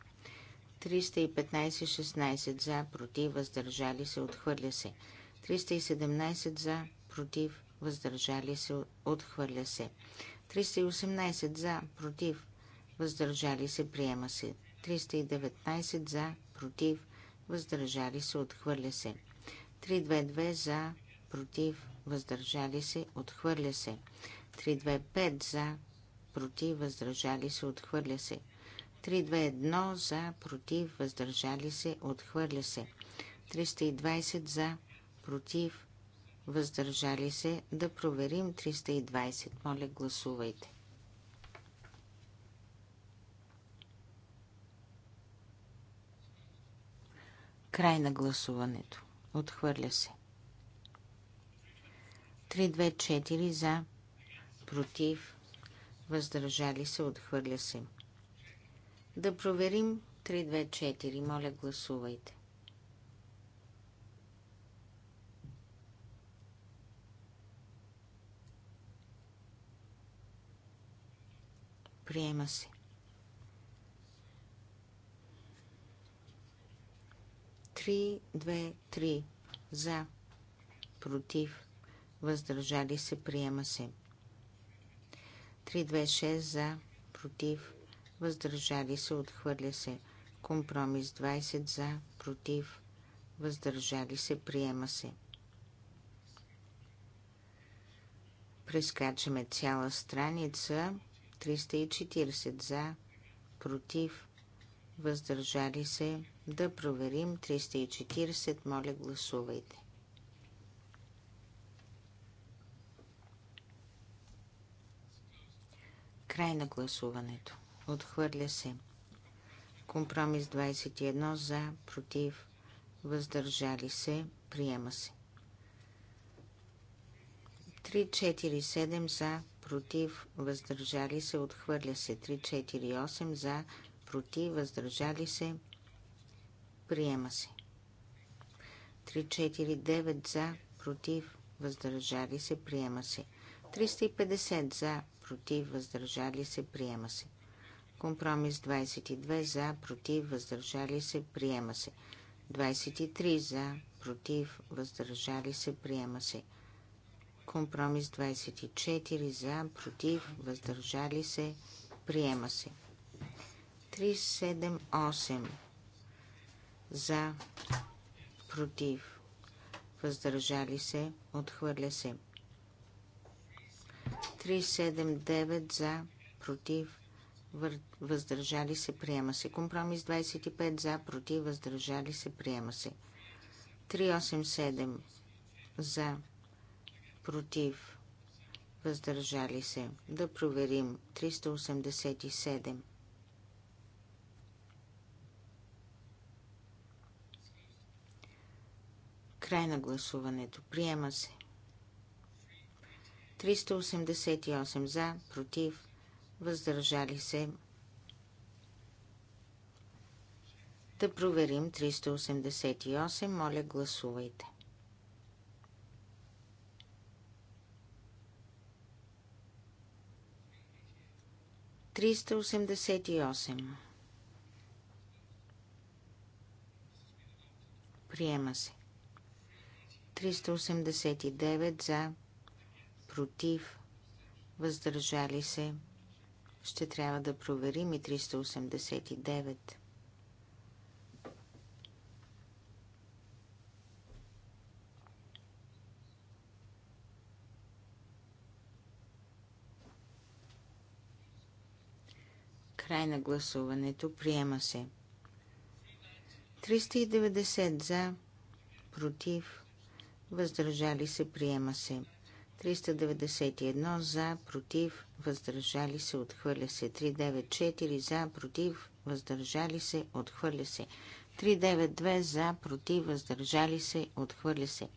315-16 за, против, въздържали се, отхвърля се. 317 за, против, въздържали се, отхвърля се. 318 за, против, въздържали се, приема се. 319 за, против, въздържали се, отхвърля се. 320 322 за, против, въздържали се, отхвърля се. 325 за, против, въздържали се, отхвърля се. 321 за, против, въздържали се, отхвърля се. 320 за, против, въздържали се. Да проверим 320. Моля, гласувайте. Край на гласуването. Отхвърля се. 3-2-4 за, против, въздържали се, отхвърля се. Да проверим 3-2-4. Моля, гласувайте. Приема се. 3 за, против, въздържали се, приема се. 326 за, против, въздържали се, отхвърля се. Компромис 20 за, против, въздържали се, приема се. Прескачаме цяла страница. 340 за, против, въздържали се, да проверим 340. Моля, гласувайте. Край на гласуването. Отхвърля се. Компромис 21 за, против, въздържали се, приема се. 347 за, против, въздържали се, отхвърля се. 3, 3-4-8 за, против, въздържали се, Приема се. 349 за, против, въздържали се, приема се. 350 за, против, въздържали се, приема се. Компромис 22 за, против, въздържали се, приема се. 23 за, против, въздържали се, приема се. Компромис 24 за, против, въздържали се, приема се. 378 за, против, въздържали се, отхвърля се. 379 за, против, въздържали се, приема се. Компромис 25 за, против, въздържали се, приема се. 387 за, против, въздържали се. Да проверим. 387. Край на гласуването. Приема се. 388 за, против, въздържали се. Да проверим 388. Моля, гласувайте. Триста осемдесет и осем. Приема се. 389 за, против, въздържали се. Ще трябва да проверим и 389. Край на гласуването. Приема се. 390 за, против, въздържали се, приема се. 391 за, против, въздържали се, отхвърля се. 394 за, против, въздържали се, отхвърля се. 392 за, против, въздържали се, отхвърля се.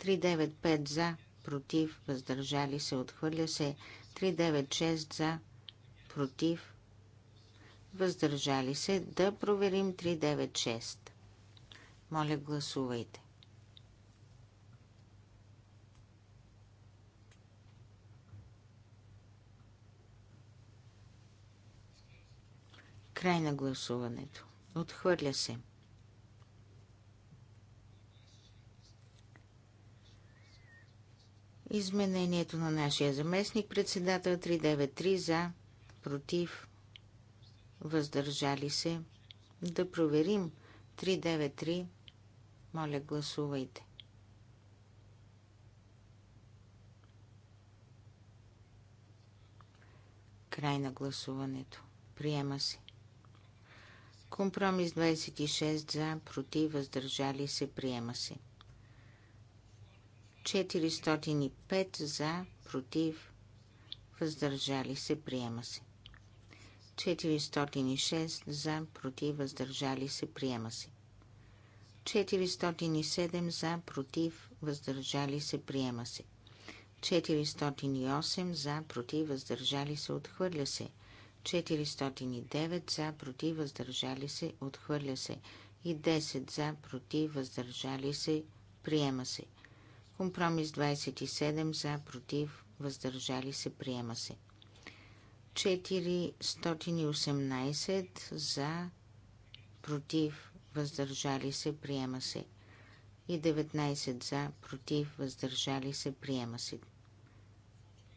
395 за, против, въздържали се, отхвърля се. 396 за, против, въздържали се. Да проверим 396. Моля, гласувайте. Край на гласуването. Отхвърля се. Изменението на нашия заместник председател 393 за, против, въздържали се. Да проверим 393. Моля, гласувайте. Край на гласуването. Приема се. Компромис 26 за, против, въздържали се, приема се. 405 за, против, въздържали се, приема се. 406 за, против, въздържали се, приема се. 407 за, против, въздържали се, приема се. 408 за, против, въздържали се, отхвърля се. 409 409 за, против, въздържали се, отхвърля се. И 10 за, против, въздържали се, приема се. Компромис 27 за, против, въздържали се, приема се. 418 за, против, въздържали се, приема се. И 19 за, против, въздържали се, приема се.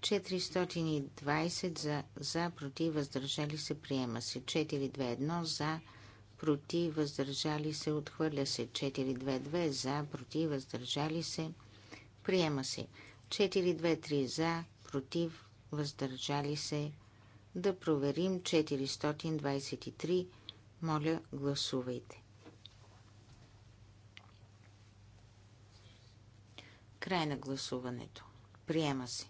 420 за, за против, въздържали се, приема се. 421 за, против, въздържали се, отхвърля се. 422 за, против, въздържали се, приема се. 423 за, против, въздържали се. Да проверим 423. Моля, гласувайте. Край на гласуването. Приема се.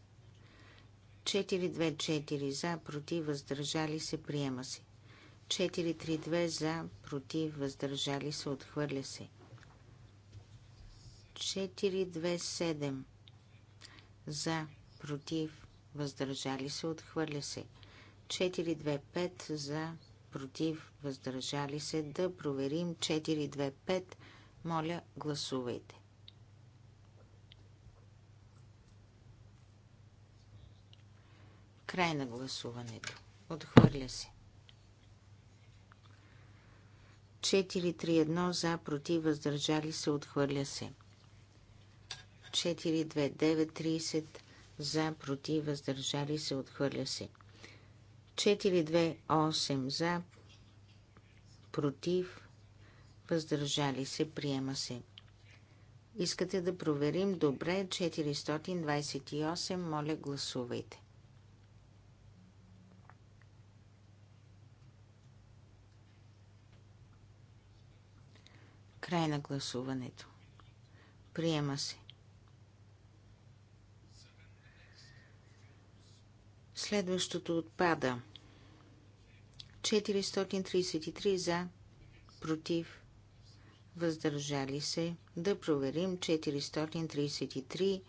424 за, против, въздържали се, приема се. 432 за, против, въздържали се, отхвърля се. 427 за, против, въздържали се, отхвърля се. 425 за, против, въздържали се, да проверим 425. Моля, гласувайте. Край на гласуването. Отхвърля се. 4-3-1 за, против, въздържали се, отхвърля се. 4-2-9-30 за, против, въздържали се, отхвърля се. 4-2-8 за, против, въздържали се, приема се. Искате да проверим добре 428, моля гласувайте. Край на гласуването. Приема се. Следващото отпада. 433 за, против, въздържали се. Да проверим 433.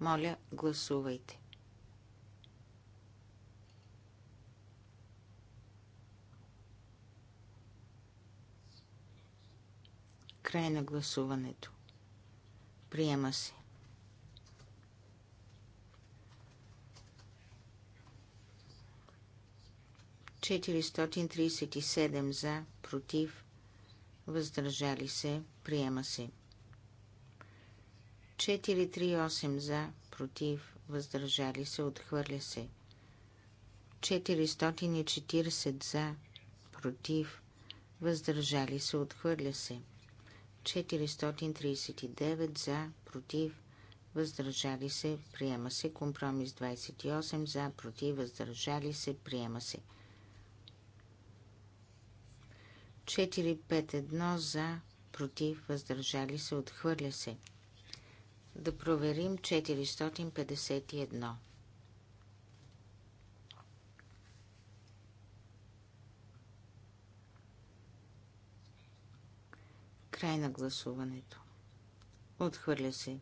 Моля, гласувайте. Край на гласуването. Приема се. Четиристотин за, против, въздържали се, приема се. 438 за, против, въздържали се, отхвърля се. 440 за, против, въздържали се, отхвърля се. 439 за, против, въздържали се, приема се. Компромис 28 за, против, въздържали се, приема се. 451 за, против, въздържали се, отхвърля се. Да проверим 451. Край на гласуването. Отхвърля се.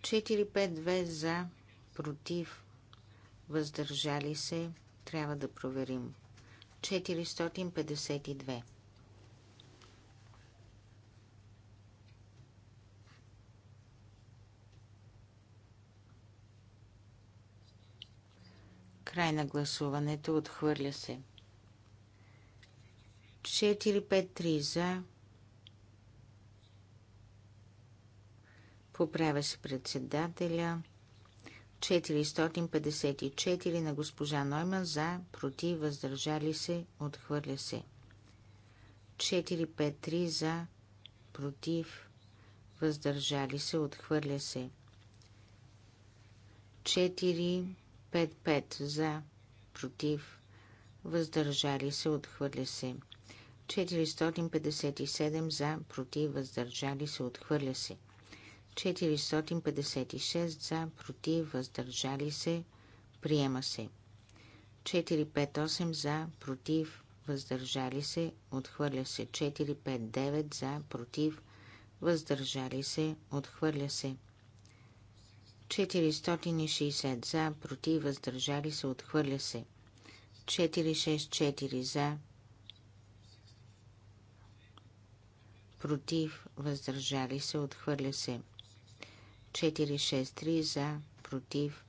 4-5-2 за, против, въздържали се. Трябва да проверим. 452. Край на гласуването отхвърля се. 4-5-3 за. Поправя се председателя. 454 на госпожа Нойман за, против, въздържали се, отхвърля се. 453 за, против, въздържали се, отхвърля се. 455 за, против, въздържали се, отхвърля се. 457 за, против, въздържали се, отхвърля се. 456 за, против, въздържали се, приема се. 458 за, против, въздържали се, отхвърля се. 459 за, против, въздържали се, отхвърля се. 460 за, против, въздържали се, отхвърля се. 464 за, против, въздържали се, отхвърля се. 463 за, против,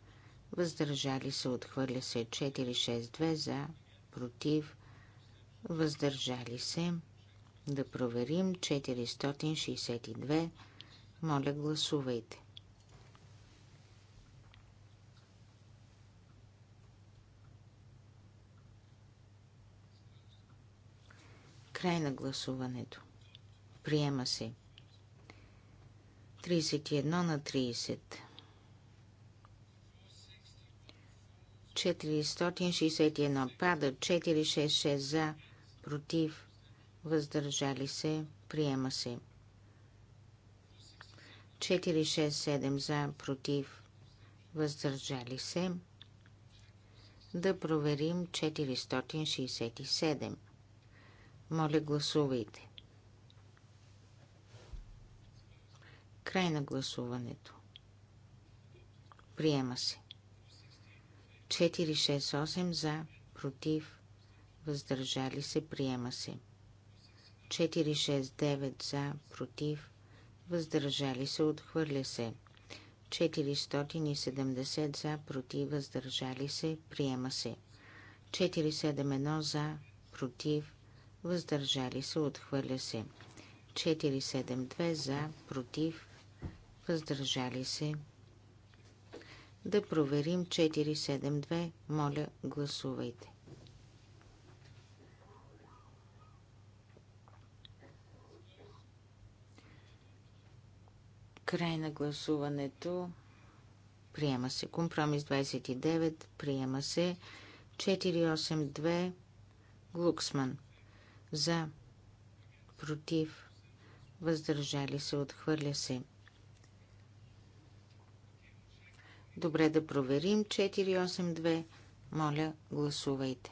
въздържали се, отхвърля се. 462 за, против, въздържали се. Да проверим 462. Моля, гласувайте. Край на гласуването. Приема се. 31 на 30. 461 пада, 466 за, против, въздържали се, приема се. 467 за, против, въздържали се. Да проверим 467. Моля, гласувайте. Край на гласуването. Приема се. 468 за, против, въздържали се, приема се. 469 за, против, въздържали се, отхвърля се. 470 за, против, въздържали се, приема се. 471 за, против, въздържали се, отхвърля се. 472 за, против, въздържали се. Да проверим 472. Моля, гласувайте. Край на гласуването. Приема се. Компромис 29. Приема се. 482. глуксман. За. Против. Въздържали се. Отхвърля се. Добре да проверим. 482. Моля, гласувайте.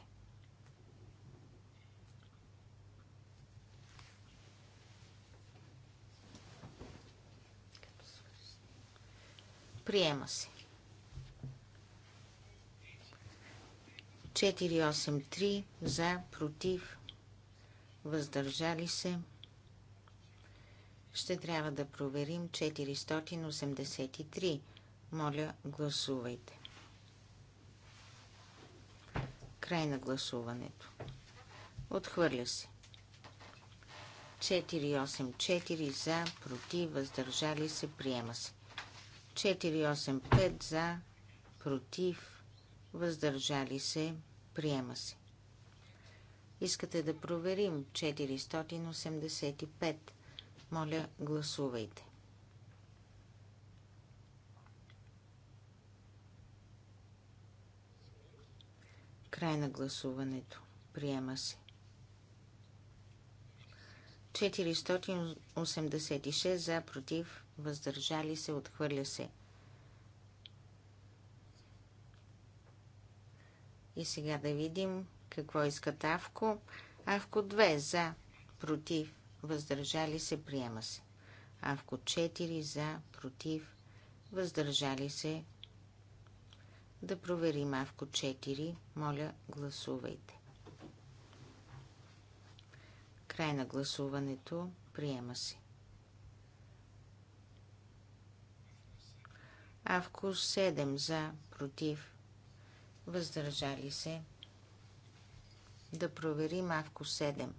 Приема се. 483 за, против, въздържали се. Ще трябва да проверим 483. Моля, гласувайте. Край на гласуването. Отхвърля се. 484 за, против, въздържали се, приема се. 485 за, против, въздържали се, приема се. Искате да проверим 485. Моля, гласувайте. Край на гласуването. Приема се. 486 за, против, въздържали се, отхвърля се. И сега да видим какво искат Авко. Авко 2 за, против, въздържали се, приема се. Авко 4 за, против, въздържали се, да проверим Авко 4. Моля, гласувайте. Край на гласуването. Приема се. Авко 7 за, против, въздържали се. Да проверим Авко 7.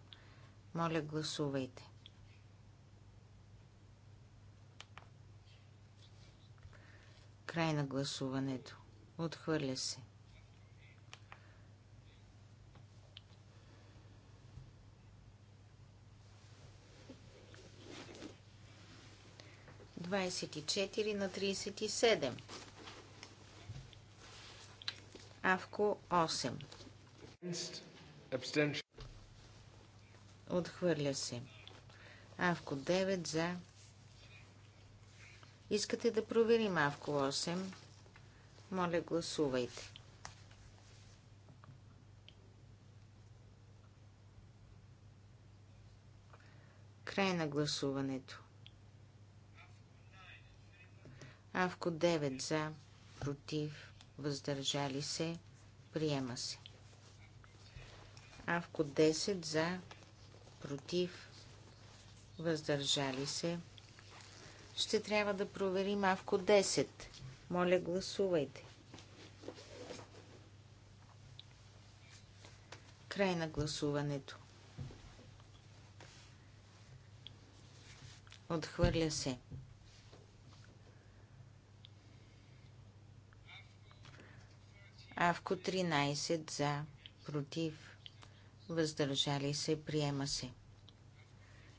Моля, гласувайте. Край на гласуването. Отхвърля се. Двадесет и четири на тридесет и седем. Авко осем. Отхвърля се. Авко 9 за. Искате да проверим Авко 8? Моля, гласувайте. Край на гласуването. Авко 9 за, против, въздържали се, приема се. Авко 10 за, против, въздържали се. Ще трябва да проверим Авко 10. Моля, гласувайте. Край на гласуването. Отхвърля се. Авко 13 за, против, въздържали се, приема се.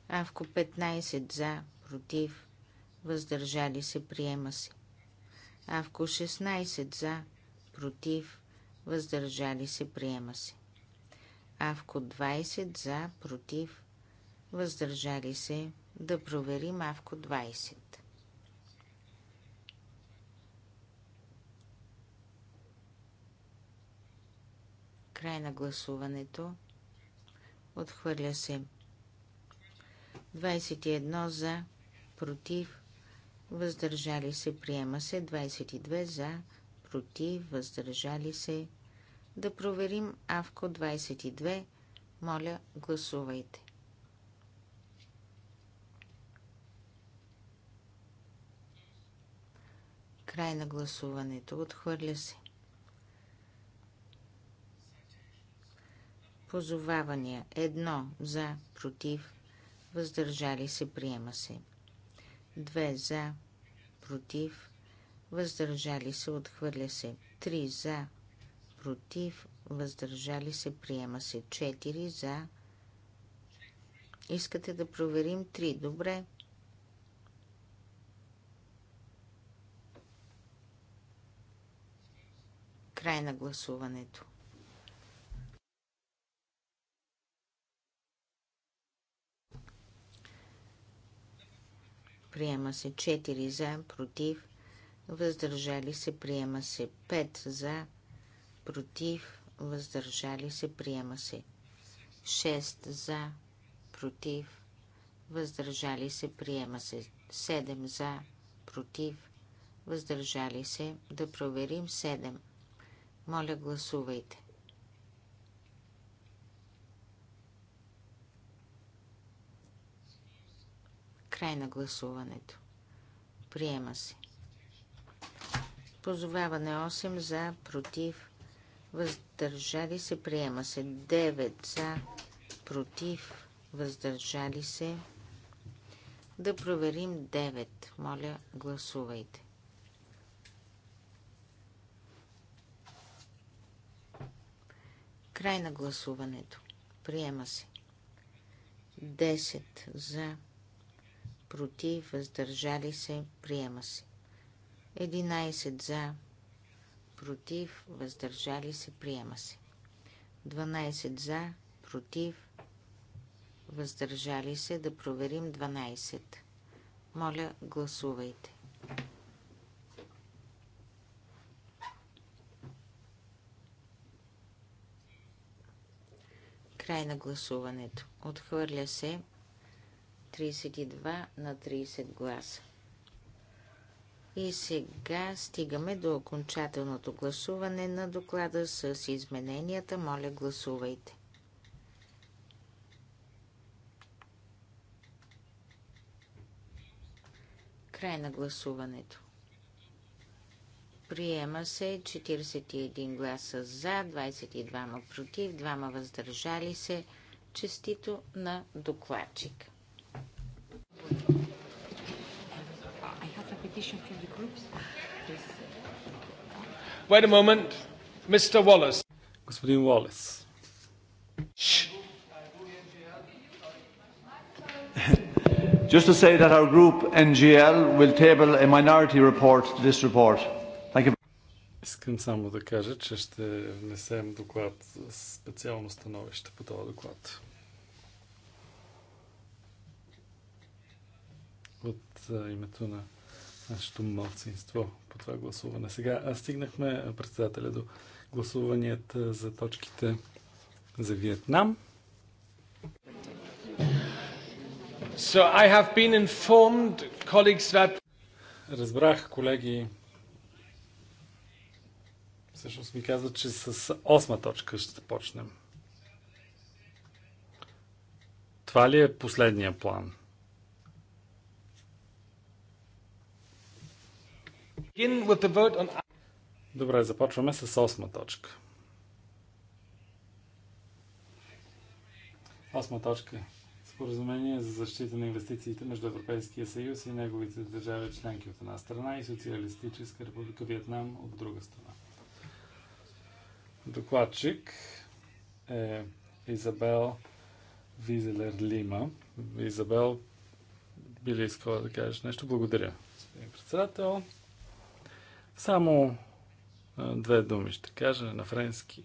Авко 15 за, против, въздържали се, приема се. Авко 16 за, против, въздържали се, приема се. Авко 20 за, против, въздържали се, да проверим Авко 20. Край на гласуването. Отхвърля се. 21 за, против, въздържали се, приема се, 22 за, против, въздържали се. Да проверим Авко 22. Моля, гласувайте. Край на гласуването. Отхвърля се. Позовавания. Едно за, против, въздържали се, приема се. 2 за, против, въздържали се, отхвърля се. 3 за, против, въздържали се, приема се. 4 за. Искате да проверим 3. Добре. Край на гласуването. приема се 4 за, против, въздържали се, приема се 5 за, против, въздържали се, приема се 6 за, против, въздържали се, приема се 7 за, против, въздържали се, да проверим 7. Моля, гласувайте. Край на гласуването. Приема се. Позоваване 8 за, против, въздържали се. Приема се. 9 за, против, въздържали се. Да проверим 9. Моля, гласувайте. Край на гласуването. Приема се. 10 за, против, въздържали се, приема се. 11 за, против, въздържали се, приема се. 12 за, против, въздържали се, да проверим 12. Моля, гласувайте. Край на гласуването. Отхвърля се 32 на 30 гласа. И сега стигаме до окончателното гласуване на доклада с измененията. Моля, гласувайте. Край на гласуването. Приема се 41 гласа за, 22 против, 2 въздържали се. Честито на докладчика. Wait a moment, Mr. Wallace. Господин Уолес. Just to say that our group NGL will table a minority report to this report. Thank you. Искам само да кажа, че ще внесем доклад, специално становище по този доклад. от името на нашето младсинство по това гласуване. Сега стигнахме председателя до гласуванията за точките за Виетнам. So I have been informed, colleagues, that... Разбрах, колеги, всъщност ми каза, че с осма точка ще почнем. Това ли е последния план? Добре, започваме с осма точка. Осма точка. Споразумение за защита на инвестициите между Европейския съюз и неговите държави членки от една страна и Социалистическа република Виетнам от друга страна. Докладчик е Изабел Визелер Лима. Изабел, би ли искала да кажеш нещо? Благодаря, господин председател. Само две думи ще кажа на френски.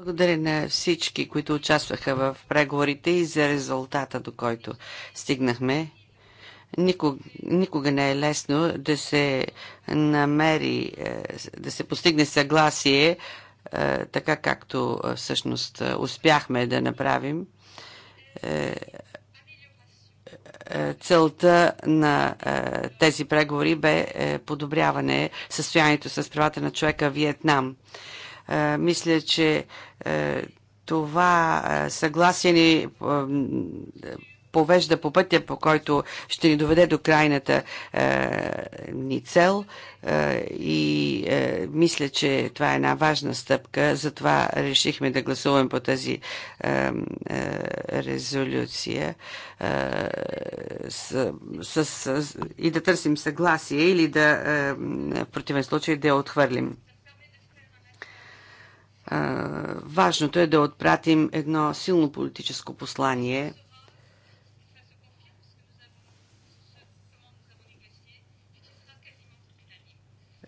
Благодаря на всички, които участваха в преговорите и за резултата, до който стигнахме. Никога, никога не е лесно да се намери, е, да се постигне съгласие, е, така както е, всъщност успяхме да направим е, целта на е, тези преговори бе е, подобряване състоянието с правата на човека в Виетнам. Мисля, че това съгласие ни повежда по пътя, по който ще ни доведе до крайната ни цел и е, мисля, че това е една важна стъпка, затова решихме да гласуваме по тази е, е, резолюция с, с, с, и да търсим съгласие или да в противен случай да я отхвърлим. Важното е да отпратим едно силно политическо послание –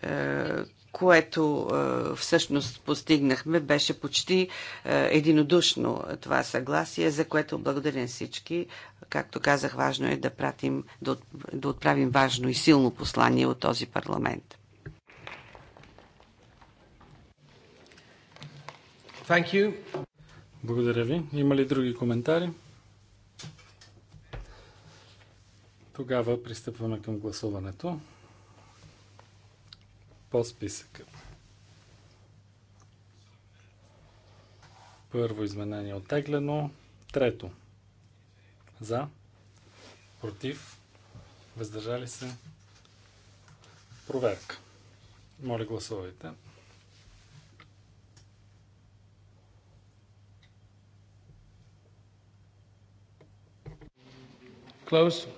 Е, което е, всъщност постигнахме, беше почти е, единодушно това съгласие, за което благодаря всички. Както казах, важно е да, пратим, да отправим важно и силно послание от този парламент. Thank you. Благодаря ви. Има ли други коментари? Тогава пристъпваме към гласуването по списъка. Първо изменение оттеглено. Трето. За. Против. Въздържали се. Проверка. Моля гласувайте. Close.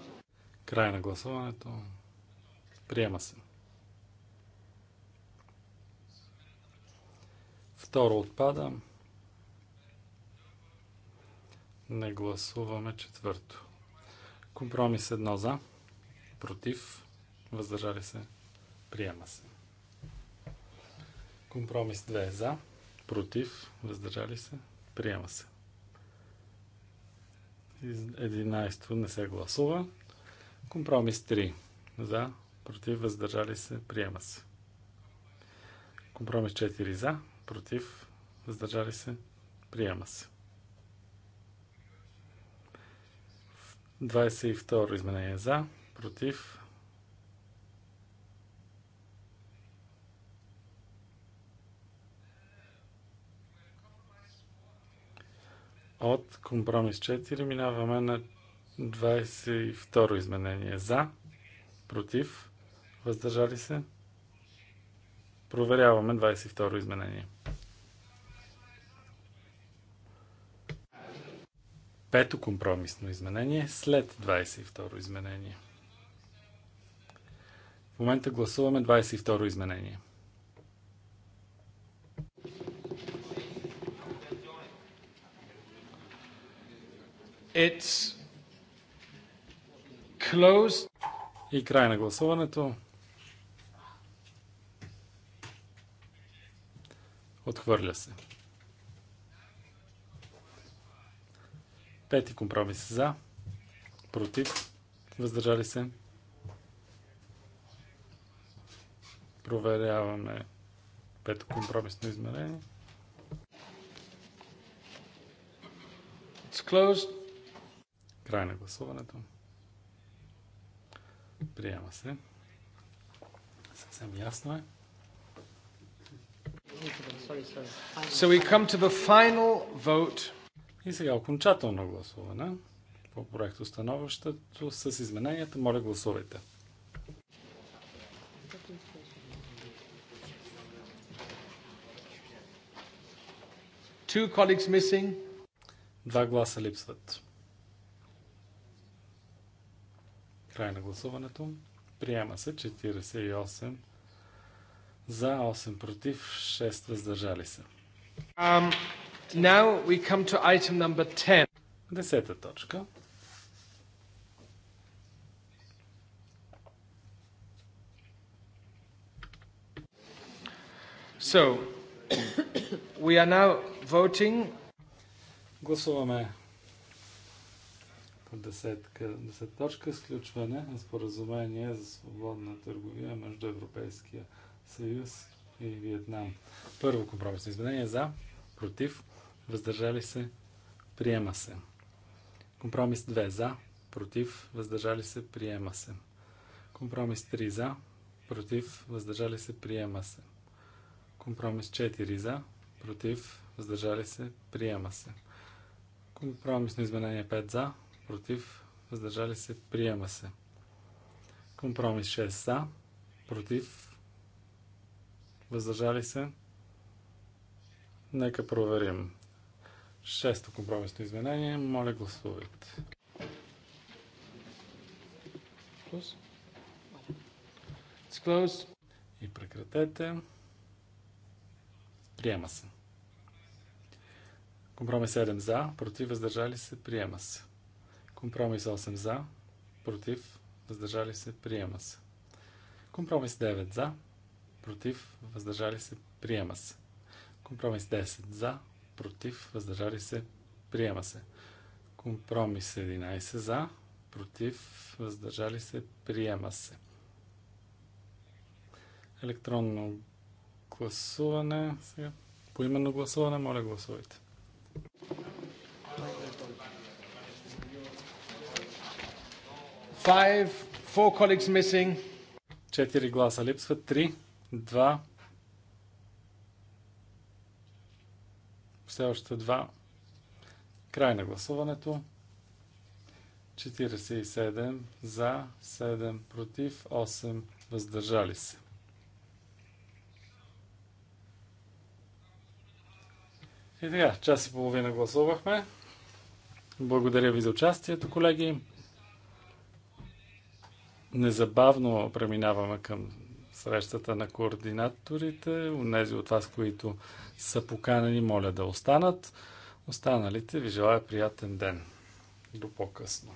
Край на гласуването. Приема се. Второ отпада. Не гласуваме четвърто. Компромис едно за, против, въздържали се, приема се. Компромис 2 за, против, въздържали се, приема се. 11 не се гласува. Компромис 3 за, против, въздържали се, приема се. Компромис 4 за, против, въздържали се, приема се. 22 изменение за, против, От компромис 4 минаваме на 22 изменение за, против, въздържали се. Проверяваме 22 изменение. Пето компромисно изменение след 22 изменение. В момента гласуваме 22 изменение. It's closed. И край на гласуването. Отхвърля се. Пети компромис за, против, въздържали се. Проверяваме пето компромисно измерение. Край на гласуването. Приема се. Съвсем ясно е. So we come to the final vote и сега окончателно гласуване по проекто становището с измененията. Моля, гласувайте. Two colleagues missing. Два гласа липсват. Край на гласуването. Приема се 48 за 8 против 6 въздържали се. Um, Now we come to item number 10. Десета точка. So, we are now voting. Гласуваме по десетка, десет точка сключване на споразумение за свободна търговия между Европейския съюз и Виетнам. Първо компромисно изменение за против, въздържали се, приема се. Компромис 2 за, против, въздържали се, приема се. Компромис 3 за, против, въздържали се, приема се. Компромис 4 за, против, въздържали се, приема се. Компромисно изменение 5 за, против, въздържали се, приема се. Компромис 6 за, против, въздържали се, Нека проверим. Шесто компромисно изменение. Моля гласувайте. И прекратете. Приема се. Компромис 7 за, против, въздържали се, приема се. Компромис 8 за, против, въздържали се, приема се. Компромис 9 за, против, въздържали се, приема се. Компромис 10 за, против, въздържали се, приема се. Компромис 11 за, против, въздържали се, приема се. Електронно гласуване, сега поименно гласуване, моля гласувайте. Five, four colleagues missing. Четири гласа липсват. Три, два, все още два. Край на гласуването. 47 за, 7 против, 8 въздържали се. И така, час и половина гласувахме. Благодаря ви за участието, колеги. Незабавно преминаваме към срещата на координаторите. Унези от вас, които са поканени, моля да останат. Останалите ви желая приятен ден. До по-късно.